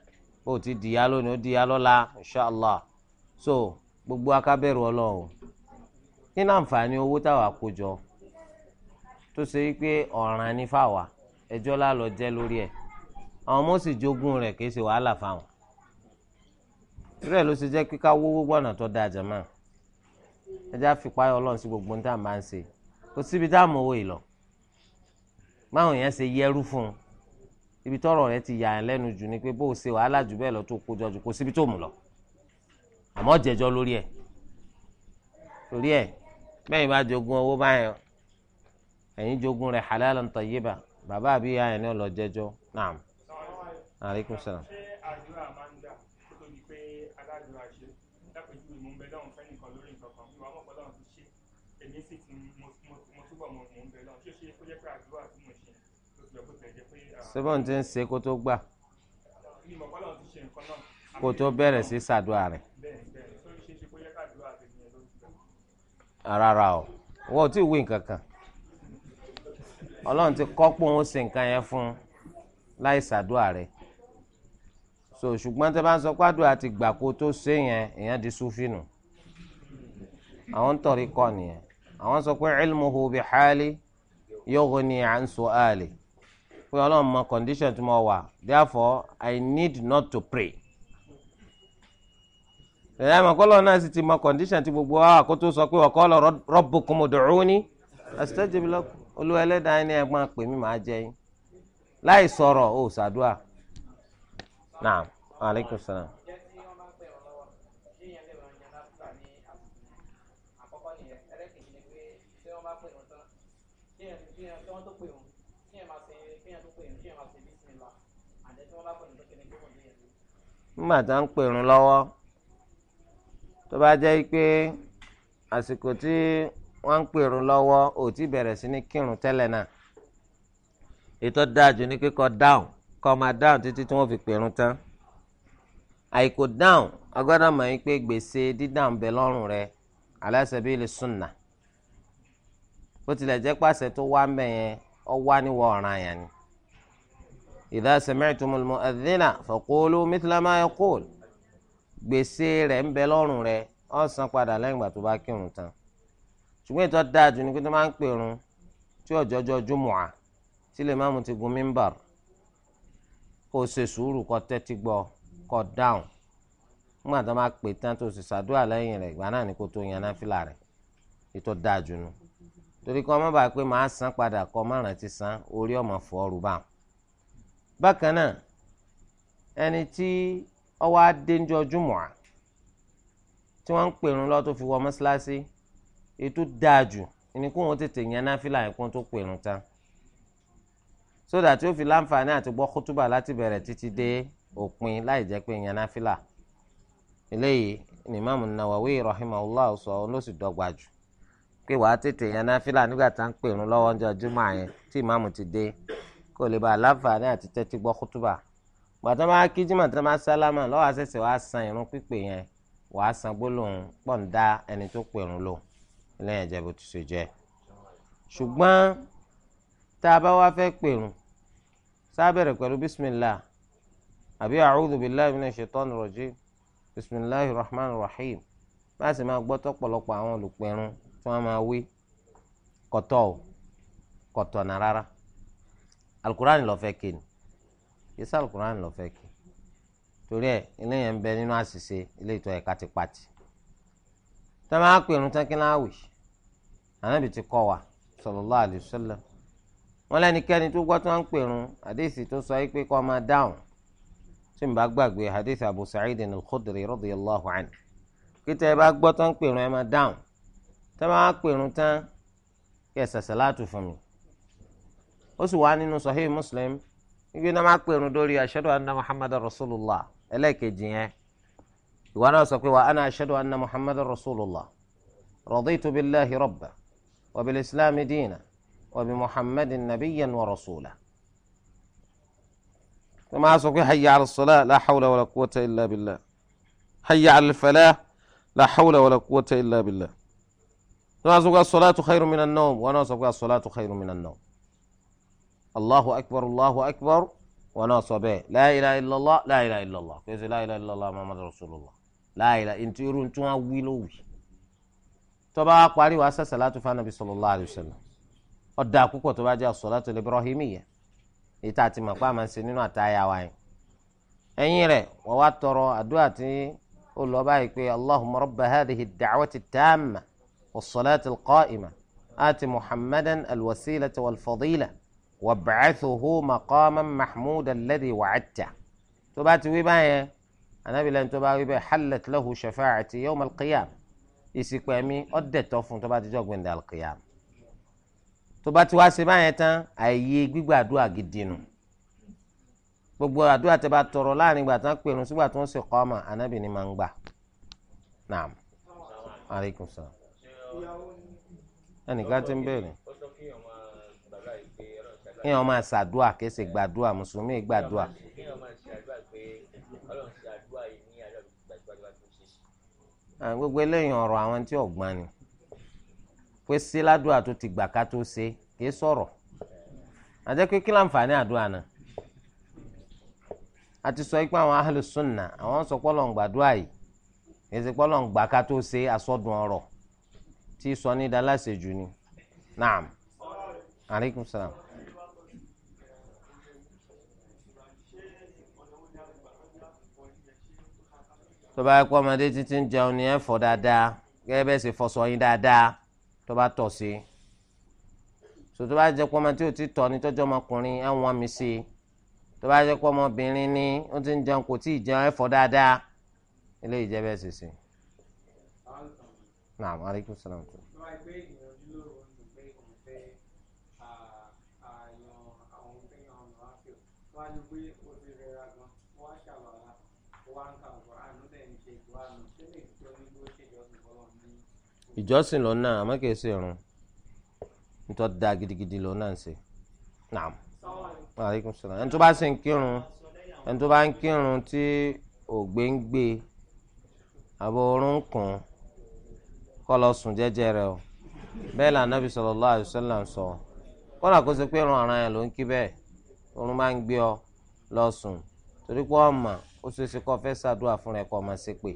ó ti di ya lónìí ó di ya lọ́la inshallah so gbogbo akábẹ̀rù ọlọ́run kí ni àǹfààní owó táwa kó jọ tó ṣe wípé ọ̀ràn ní fáwa ẹjọ́ la lọ jẹ́ lórí ẹ̀ àwọn ọmọ sì jogún rẹ̀ kì í ṣe wàhálà fáwọn rẹ̀ ló ṣe jẹ́ pé ká wówó gbọ́nà tó da jàmá ẹjẹ́ àfipáyọ̀ ọlọ́run sí gbogbo ní tá à ń bá ń ṣe kò síbi tá à mọ̀ owó ìlọ báwọn yẹn ṣe yẹrú fún un ibi tọrọ rẹ ti yà ẹ́ lẹ́nu jù ni pé bó o ṣe wàhálà jù bẹ́ẹ̀ lọ tó kó jọjú kó síbi tó mú lọ àmọ́ jẹjọ lórí ẹ̀ lórí ẹ̀ bẹ́ẹ̀ bá jogún owó báyọ̀ ẹ̀yin jogún rẹ̀ halalan tayyiba bàbá àbí ìyá yẹn ni ó jẹjọ naam aleykum salaam. síbọn tí ń ṣe kó tó gbà kó tó bẹ̀rẹ̀ sí ṣàdúrà rẹ̀ rárá o wọ́n ò tí ì wí nǹkan kan ọlọ́run ti kọ́pọ̀ òun ṣe nǹkan yẹn fún un láì ṣàdúrà rẹ̀ so ṣùgbọ́n tẹ́ bá ń sọ pàdúrà ti gbà kó tó ṣe yẹn èèyàn di súfìnù àwọn ń tọ̀rí kọ́ nìyẹn àwọn sọ pé ilmuhu bi hali yughni an su'ali pé ọlọ́run mọ condition tí mo wà therefore i need not to pray ẹ̀yà àmọ́kọ́lọ́ náà sì ti mọ condition tí gbogbo wa kó tó sọ pé ọ̀kọ́ lọ rabbukum ud'uni astajib lakum olúwa ẹlẹ́dàá ẹni ẹ̀gbọ́n pè mí màá jẹ yín láì sọ̀rọ̀ ó ṣàdúà naam aleykum salaam. mgbàtà ń pèrún lọ́wọ́ tó bá jẹ́ pé àsìkò tí wọ́n ń pèrún lọ́wọ́ ò tí bẹ̀rẹ̀ sí ní kírun tẹ́lẹ̀ náà ètò dáàjù ní kíkọ dáhùn kọ́ máa dáhùn títí fi pèrún tán àìkò dáhùn agbọ́dọ̀ mọ̀ yín pé gbèsè dídáhùn bẹ lọ́rùn rẹ ala sabili sunna bó tilẹ̀ jẹ́ pàṣẹ tó wá ń ọ wá níwọ̀ ọ̀ràn àyàn ni. idha sami'tumul mu'adhdhina faqulu mithla ma yaqul gbèsè rẹ̀ ń bẹ lọ́rùn rẹ̀ ó san padà lẹ́yìn ìgbà tó bá kírun tán ṣùgbọ́n ìtọ́ dáa jù ni pé tó máa ń pèrun tí ọ̀jọ́jọ́ júmùà tí lè máàmù ti gun mímbàr kó o ṣe sùúrù kó tẹ́tí gbọ́ kó dáhùn nígbà tó máa pè tán tó sì ṣàdúrà lẹ́yìn rẹ̀ ìgbà náà ni kó tó yan náfìlà rẹ̀ ìtọ́ dáa jù nu torí kọ́ ọ má pé màá san padà kọ́ márùn ti san orí ọmọ fọ́ọ̀rù báwọn bákan náà ẹni tí ọwọ́ adéńjọ jùmọ̀á tí wọ́n ń pèrún lọ́wọ́ tó fi wọ mọ́ṣáláṣí ètò dáa jù ẹni kó wọn tètè yan náfìlà yẹn kó tó pèrún tán sódà tí ó fi láǹfààní àti gbọ́ kútúbà láti bẹ̀rẹ̀ títí dé òpin láì jẹ́ pé yan náfìlà eléyìí ni Imam Nawawi rahimahullah sọ ọ́n ló sì dọ́gba jù pé wàá tètè yan náfìlà nígbà tá à ń pèrún lọ́wọ́ ọjọ́ jùmọ̀ yẹn tí ìmáàmù ti dé kó lè bá aláǹfààní àti tẹ́tí gbọ́ kútúbà gbàtà máa kí jimá tí a máa sálámà lọ́wọ́ àṣẹṣẹ wàá san irun pípé yẹn wàá san gbólóhùn pọ̀ǹda ẹni tó pèrún lò lẹ́yìn ẹ̀jẹ̀ bó ti ṣe jẹ́ ṣùgbọ́n tá a bá wá fẹ́ pèrún sábẹ̀rẹ̀ pẹ̀lú bísímìlá àbí a'udhu billahi minash shaitani rajim bisimilahi rahman rahim máa sì máa gbọ́ tọ́pọ̀lọpọ̀ àwọn olùpẹ̀rún tí wọ́n máa wí kọ̀tọ̀ kọ̀tọ̀nà rárá alukurani ló fẹ́ ké ni yíṣẹ́ alukurani ló fẹ́ ké torí ẹ eléyẹn ń bẹ nínú àṣìṣe ilé ìtọ́ ẹ̀ka ti pati tá a máa pè ní tẹ́kínláwì ànábì ti kọ́ wa sallallahu alaihi wasallam wọn lẹ́nikẹ́ni tó gbọ́ tó ń pè ní àdéhìsì tó sọ pé kó máa dáhùn tí n bá gbàgbé àdéhìsì Abu Sa'id al-Khudri radiyallahu anhu kíta ẹ bá gbọ́ tó ń pè ẹ máa dáhùn tá a tán kí ẹ fún mi. ó sì wá nínú sahih muslim ibi náà máa pèrún dórí ashadu anna muhammadar rasulullah ẹlẹ́ẹ̀kejì yẹn ìwà náà sọ pé wa ana ashadu anna muhammadar rasulullah raditu billahi rabba wa bil islami diina wa bi muhammadin nabiyyan wa rasula. كما سوف حي على الصلاة لا حول ولا قوة إلا بالله حي على الفلاح لا حول ولا قوة إلا بالله كما سوف الصلاة خير من النوم وأنا سوف الصلاة خير من النوم allahu akbar allahu akbar wọn náà sọ bẹ́ẹ̀ la ilaha illallah la ilaha illallah kẹsì la ilaha illallah muhammadu rasulullah la ilaha ntí irú ntí wọn wí ló wì tọba parí wa sẹ salatu fún anabi sallallahu alayhi wa sallam ọdà púpọ̀ tó bá jẹ́ as-salatu al-ibrahimiyya èyí tá a ti mọ̀ pé a máa ń ṣe nínú àtàyà wa yẹn ẹ̀yìn rẹ̀ wọ́n wá tọrọ àdúrà tí ó lọ báyìí pé allahumma rabba hadhihi ad-da'wati at-tamma was-salati al-qa'ima ati muhammadan al-wasilata wal-fadila wab'athuhu maqaman mahmudan alladhi wa'adta tó bá ti wí báyẹn anabi lẹ́nu tó bá wí bẹ́ẹ̀ hallat lahu shafa'ati yawm al-qiyam ìsìnkú ẹ̀mí ọ̀dẹ̀tọ̀ fún tó bá ti jọ́ gbẹ̀ndẹ̀ al-qiyam báyẹn tán àyè gbígbàdúrà gidi nù gbogbo àdúrà tẹ́ bá tọrọ láàrin ìgbà tán pèrún sígbà tó ń ṣe kọ́mà anabi ni máa ń gbà naam aleykum salaam ẹnìkan ti ń bẹ̀rẹ̀ kéèyàn máa ṣàdúà kéèsè gbàdúà mùsùlùmí gbàdúà. gbogbo eléyìí ọ̀rọ̀ àwọn tí ọ̀gbọ́n ni pé sí ládùúà tó ti gbà ká tó ṣe kìí sọ̀rọ̀ àti pé kí láǹfààní àdúrà náà a sọ pé àwọn ahlu sunna àwọn sọ pé Ọlọ́run gbàdúrà yìí èsì pé Ọlọ́run gbà ká tó ṣe asọ́dún ọ̀rọ̀ tí sọ ní daláṣejù ni naam aleykum salaam. tó bá kọ́ ọmọdé títí ń jẹun ni ẹ fọ̀ dáadáa gẹ́gẹ́ bẹ́ẹ̀ sì fọṣọ yín dáadáa tó bá sí i so tó bá jẹ́ pé ọmọ tí ò ti tọ̀ ní tọ́jú ọmọkùnrin ẹ wọ́n mi sí i tó bá jẹ́ ọmọbìnrin ni ó ti ń jẹun kò tí ì jẹun ẹ fọ̀ dáadáa eléyìí jẹ́ bẹ́ẹ̀ sì sí i. ìjọsìn lọ náà àmọ́ kìí ṣe irun nítorí da gidigidi lọ náà ń ṣe naam aleykum salaam ẹni tó bá sì ń kírun ẹni tó bá ń kírun tí ògbé ń gbé àbò orun kùn kọ́ lọ sùn jẹ́jẹ́ rẹ o bẹ́ẹ̀ là nàbì sallallahu alaihi wasallam sọ kọ́nà kó ṣe pé irun ara yẹn ló ń kí bẹ́ẹ̀ orun máa ń gbé ọ lọ sùn torí pé ọmọ ó ṣeéṣe kó fẹ́ ṣàdúrà fún rẹ kó ọmọ ṣépè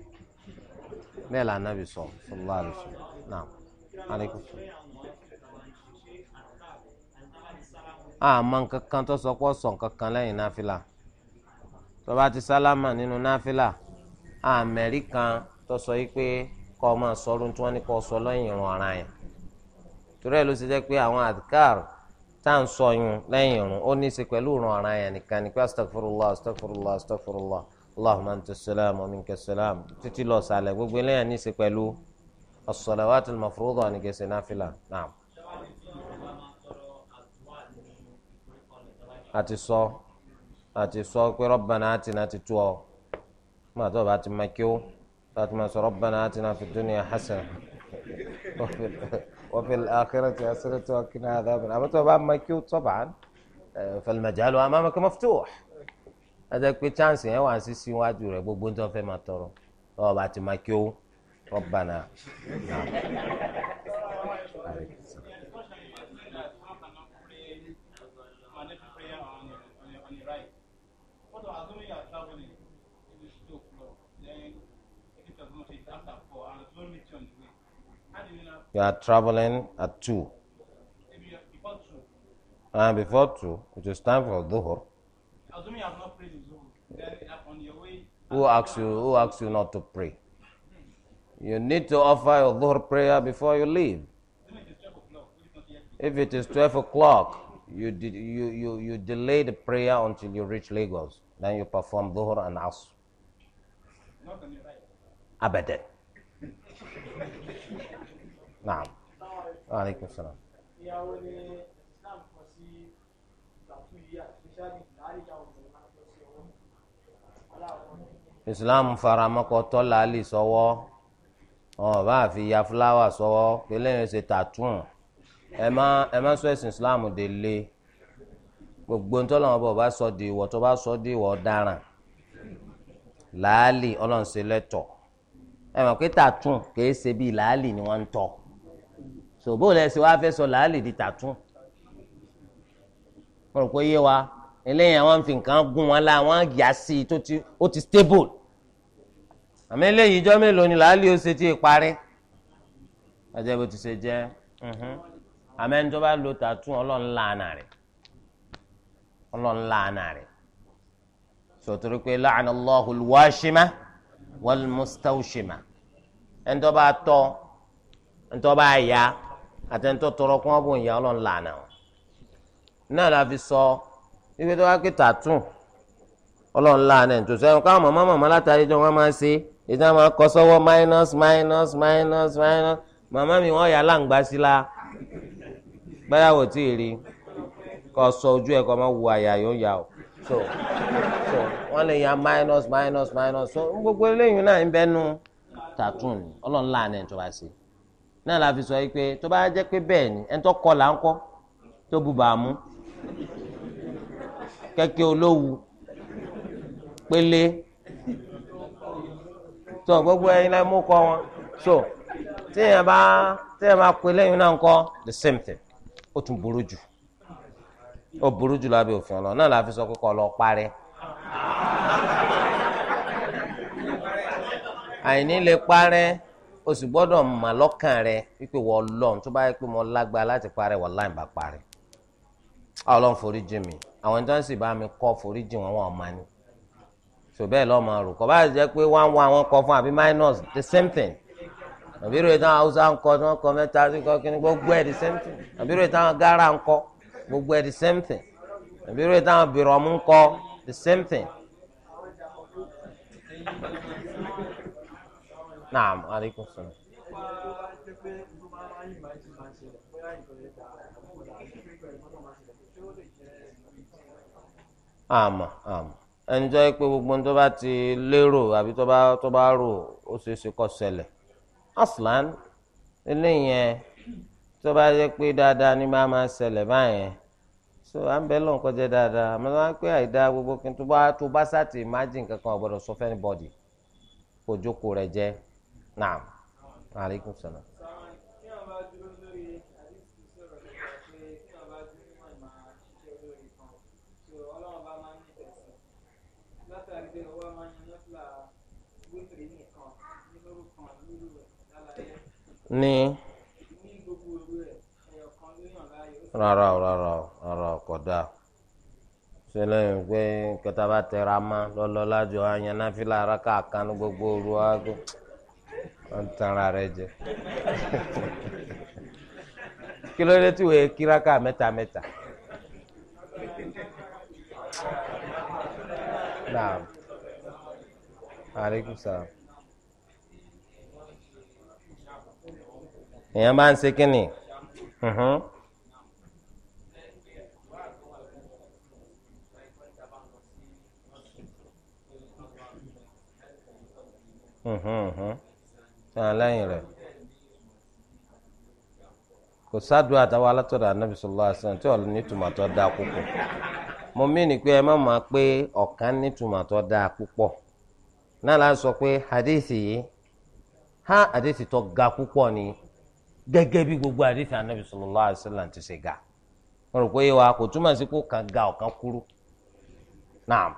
bẹ́ẹ̀ là nàbì sọ sallallahu alaihi wasallam naam aleykum salaam. àmọ́ nǹkan kan tó sọ pé ọ̀sọ̀ nǹkan kan lẹ́yìn náfìlà tó bá ti sálámà nínú náfìlà àmẹ́rí kan tó sọ yìí pé kọ́ ọ máa sọ́run tí wọ́n ní kọ́ sọ lẹ́yìn ìrun ara yẹn torí ẹ̀ ló ṣe jẹ́ pé àwọn àdìkàr tá à ń sọ yun lẹ́yìn ó ní í ṣe pẹ̀lú ìrun ara yẹn nìkan ni pé astagfirullah astagfirullah astagfirullah اللهم انت السلام ومنك السلام تتي الله سالة وبيلي اني سيكوالو الصلوات المفروضة اني كيسي نافلة نعم اتي سو اتي سو كوي ربنا اتنا تتوى ما توب اتي مكيو اتما سو ربنا اتنا في الدنيا حسنة وفي الآخرة حسنة وكنا عذابنا ما توب اتي مكيو طبعا فالمجال أمامك مفتوح ẹsẹ pé chance yẹn wà ń sísí rẹ gbogbo ń tó fẹ́ máa tọrọ ọ bá ti máa kí ó ọba náà. You are traveling at two. Before two. And before two, which is time for dhuhr. Assuming I have not prayed Who asks you? Who asks you not to pray? You need to offer your dhuhr prayer before you leave. If it is 12 o'clock, you, you, you, you delay the prayer until you reach Lagos. Then you perform dhuhr and asr. Abadan. Naam. Wa alaikum salam. islam faramọ́kọ tọ́lá lè sọ́wọ́ ọ̀n bá fi ya fúláwà sọ́wọ́ pélé yẹn ṣe tàtún ẹ má ẹ má sọ ẹ̀sìn islam dé lé gbogbo ntọ́lọ́ wọn bọ̀ bá sọ di ìwọ tó bá sọ di ìwọ ọ̀daràn làálì ọlọ́run ṣe lẹ́tọ̀ ẹ mọ̀ pé tàtún kìí ṣe bíi làálì ni wọ́n ń tọ́ ṣòbó lẹ́sìn wá fẹ́ sọ làálì di tàtún mo rò yé wa. eléyìí àwọn fi nǹkan gun wọn la wọn yà sí tó ti ó ti stable àmì eléyìí ìjọ mélòó ni làálì ó ṣe parí bó ti ṣe jẹ́ àmì ẹni tó bá lo tàtú ọlọ́run làánà rẹ̀ ọlọ́run làánà rẹ̀ sọtúrú pé la'ana Allahu al-washima wal ẹni tó bá ẹni tó bá yá àti ẹni tó tọrọ kún ọ́ bò yá ọlọ́run làánà wọn náà la wípé tó wá pé tàtún ọlọ́run láàánú ẹ̀ǹtọ́ sẹ́wọ̀n káwọn màmá màmá látàrí jọ wọ́n máa ń ṣe ìjà máa kọ sọ́wọ́ minus minus minus minus màmá mi wọ́n yà láǹgbá sí la báyàwó tí ì rí kọ́ sọ ojú ẹ̀ kọ́ máa wo àyà yóò yà ó so so wọ́n lè ya minus minus minus so gbogbo eléyìí náà ń bẹ́nu tàtún ni ọlọ́run láàánú ẹ̀ǹtọ́ bá ṣe náà la fi sọ yìí pé tó bá jẹ́ pé bẹ́ẹ̀ ni ẹ̀ǹtọ́ kọ́ là ń kọ́ tó bu bàá mú kẹ̀kẹ́ olówù pélé tó gbogbo ẹyin náà mú kọ wọn so téèyàn bá téèyàn bá pélé yín náà ń kọ the same thing ó tún burú jù ó burú jù lábẹ́ òfin ọlọ́run náà láfi sọ pé kọ́ lọ parẹ́ àìní lè parẹ́ o sì gbọ́dọ̀ mà lọ́kàn rẹ wípé wọ́n lọ́n tó bá yẹ pé mo lágbára láti parẹ́ wọ́n láì bá parẹ́ ọlọ́run forí jì mí àwọn ẹni tó ń sì bá mi kọ́ forí jì wọ́n wọ́n ọ̀ma ni so bẹ́ẹ̀ lọ́ọ́ máa rò kọ́ bá jẹ́ pé wọ́n wọ́n àwọn kọ́ fún àbí minus the same thing àbí rẹ̀ táwọn haúsá ń kọ́ tí wọ́n kọ́ mẹ́ta sí kọ́ kí ni gbogbo ẹ̀ the same thing àbí rẹ̀ táwọn gáárà ń kọ́ gbogbo ẹ̀ the same thing àbí rẹ̀ táwọn bìrọ̀mù ń kọ́ the same thing. naam aleykum salaam. àmọ́ àmọ́ ẹni jẹ́ pé gbogbo tó bá ti lérò àbí tó bá tó bá rò ó ṣeé ṣe kó ṣẹlẹ̀ aslan eléyẹn tó bá jẹ́ pé dáadáa ní máa máa ṣẹlẹ̀ báyẹn so à ń bẹ lóun kọjá dáadáa àmọ́ tó bá pé àìdá gbogbo kí n tó bá tó bá sàtì imagine kankan ò gbọ́dọ̀ sọ fẹ́ni bọ́dì kò jókòó rẹ̀ jẹ́ naam aleykum salaam. ni rárá o rárá o rárá o kódà ṣe lẹ́yìn kẹta bá ayanáfílà gbogbo òru aago wọ́n tanra rẹ jẹ kí ló dé tí wòye èèyàn bá ń ṣe kínni lẹ́yìn rẹ̀ kò sádùn àtàwọn alátọ̀dọ̀ anábì sallallahu alaihi tí ọ̀lù nítumọ̀ tó dáa púpọ̀ mo mí ni pé ẹ má máa pé ọ̀kan nítumọ̀ tó dáa púpọ̀ náà la sọ pé hadithi ha hadithi tó ga púpọ̀ ni. gẹ́gẹ́ bí gbogbo àdìsí anabi sallallahu alaihi wasallam ti ṣe ga wọn rò pé yé wa kò túmọ̀ sí kó kàn ga ọ̀kan kúrú naam.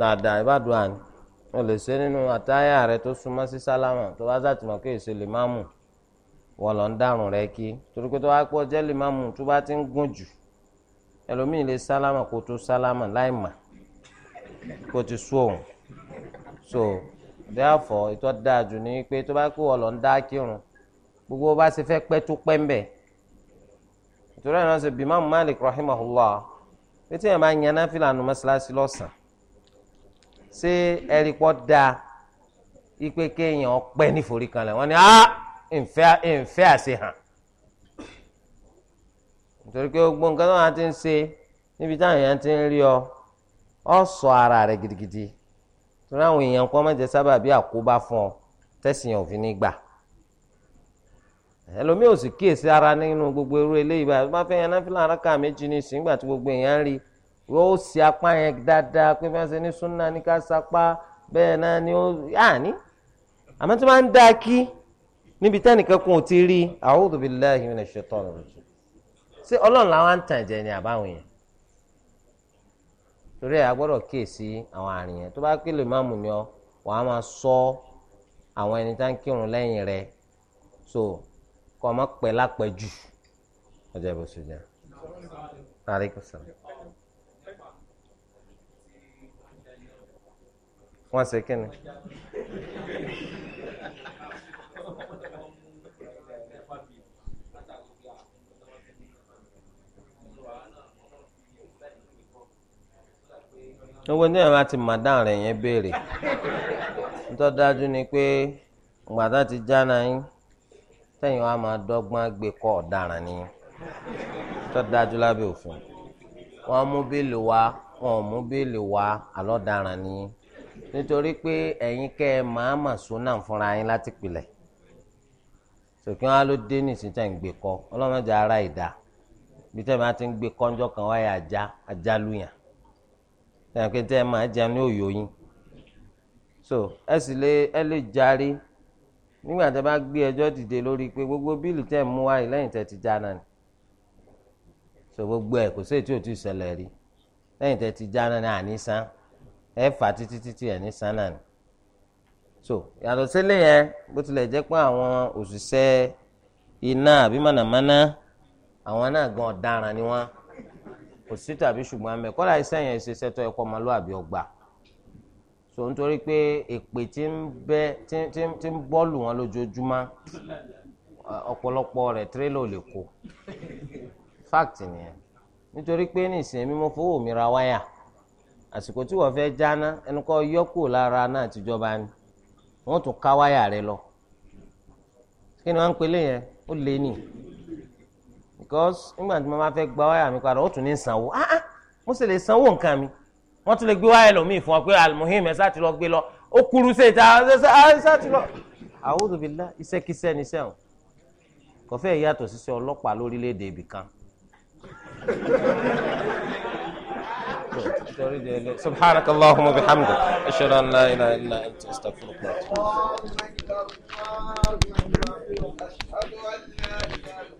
nàdà ìbádùn àná wọn lè ṣe nínú àtàyà rẹ tó súnmọ́ sí sálámà tó bá sàtìmọ̀ kí èso lè má mú wọn lọ ń dàrún rẹ kí torí pé tó bá pọ̀ jẹ́ lè má mú tó bá ti ń gùn jù ẹlòmíì lè sálámà kó tó sálámà láì mà kó ti sú òun so. therefore ìtọ́ dáa jù ní pé tó bá kó gbogbo bá ṣe fẹ́ pẹ́ tó pẹ́ ń bẹ̀ ìtura ìran ṣe bí Imam Malik ọ pété yẹn máa ń yan náfìlà nu mọ́ṣáláṣí lọ́sàn-án ṣé ẹ̀rí pọ́ dáa ipe kéèyàn pẹ́ níforí kanlẹ̀ wọ́n ní á ǹfẹ́ nítorí ọ ọ sọ ara rẹ gidigidi. torí àwọn èèyàn kan má jẹ́ sábà bí àkóbá fún ọ tẹ̀sìn òfin ní gbà ẹlòmíì ò sì kíyèsí ara nínú gbogbo irú eléyìí báyìí bá fẹ́ yan náfìlà rákà méjì ní ìsìn ìgbà tí gbogbo èèyàn rí yóò ṣe apá yẹn dáadáa pé fẹ́ ṣe ní súnà ní ká sapá bẹ́ẹ̀ náà ni ó yáàní àmọ́ tí wọ́n ń dá kí níbi tẹ́nìkan kún ò ti rí a'udhu billahi minash shaitanir rajim ṣé ọlọ́run làwọn ń tàn jẹ ni àbáwọn yẹn torí ẹ̀ agbọ́dọ̀ kíyèsí àwọn àrìn yẹn tó bá pé lè máàmù ni ọ wà á máa sọ àwọn ẹni tá ń kírun lẹ́yìn rẹ̀ so kọ́ ọ má pẹ́ lápẹ́ jù ọjọ́ ìbò sójà. wọ́n ṣe kí ni. owó ní ẹ̀rọ àti màdán rẹ̀ yẹn béèrè nítorí dájú ni pé gbàdá ti já náà yín tẹ̀yìn wa máa dọ́gbọ́n gbé kọ́ ọ̀daràn ni tó dájú lábẹ́ òfin wọ́n mú bíìlì wá wọn mú bíìlì wá àlọ́daràn ni nítorí pé ẹ̀yin kẹ́ ẹ máa mà sónà fúnra yín láti pilẹ̀ sòkè wọn á ló dé ní ìsìntà gbé kọ́ ọlọ́mọdé ara ìdá bí tẹ́ bá ti ń gbé kọ́ńjọ́ kan wáyé ajá ajá lùyàn tẹ̀pẹ́ tẹ́ ẹ máa jẹun ní òyò yín so ẹ sì lè ẹ lè járe nígbà tẹ́ bá gbé ẹjọ́ dìde lórí pé gbogbo bíìlì tẹ́ ẹ mú wáyé lẹ́yìn tẹ́ ti já náà ni so gbogbo ẹ kò sí ètò òtún ìṣẹ̀lẹ̀ rí lẹ́yìn tẹ́ ti já náà ni àní san ẹ fà títí títí ẹ̀ ní san náà ni so yàtọ̀ sílẹ̀ yẹn bó tilẹ̀ jẹ́ pé àwọn òṣìṣẹ́ iná àbí mànàmáná àwọn náà gan ọ̀daràn ni wọ́n kò sí tàbí ṣùgbọ́n mẹ́ kọ́lá iṣẹ́ yẹn ṣe sẹ́tọ́ ẹ̀kọ́ ọmọlúwàbí ọgbà so nítorí pé èpè tí ń bẹ tí ń bọ́ọ̀lù wọn lójoojúmọ́ ọ̀pọ̀lọpọ̀ rẹ̀ tírélà lè kó fact nìyẹn nítorí pé nísìnyí mímú fowó mi ra wáyà àsìkò tí wọ́n fẹ́ jáná ẹnu kọ́ yọ́kù lára náà tìjọba ni wọ́n tún ká wáyà rẹ lọ kí ni wọ́n ń pelé yẹn ó lé nìyí because nígbà tí mo máa fẹ́ gba wáyà mi padà ó tún ní sanwó ah ah mo sì lè sanwó nǹkan mi wọ́n tún lè gbé wáyà lòmíì fún ọ pé almuhim ẹ̀ sáà ti lọ gbé lọ ó kúrú sí ìta ẹ̀ sáà ti lọ. a'udhu billahi iṣẹ́kíṣẹ́ ni sẹ́wọ̀n kò fẹ́ yàtọ̀ síṣẹ́ ọlọ́pàá lórílẹ̀‐èdè ibì kan. سبحانك اللهم وبحمدك أشهد أن لا إله إلا أنت أستغفرك وأتوب إليك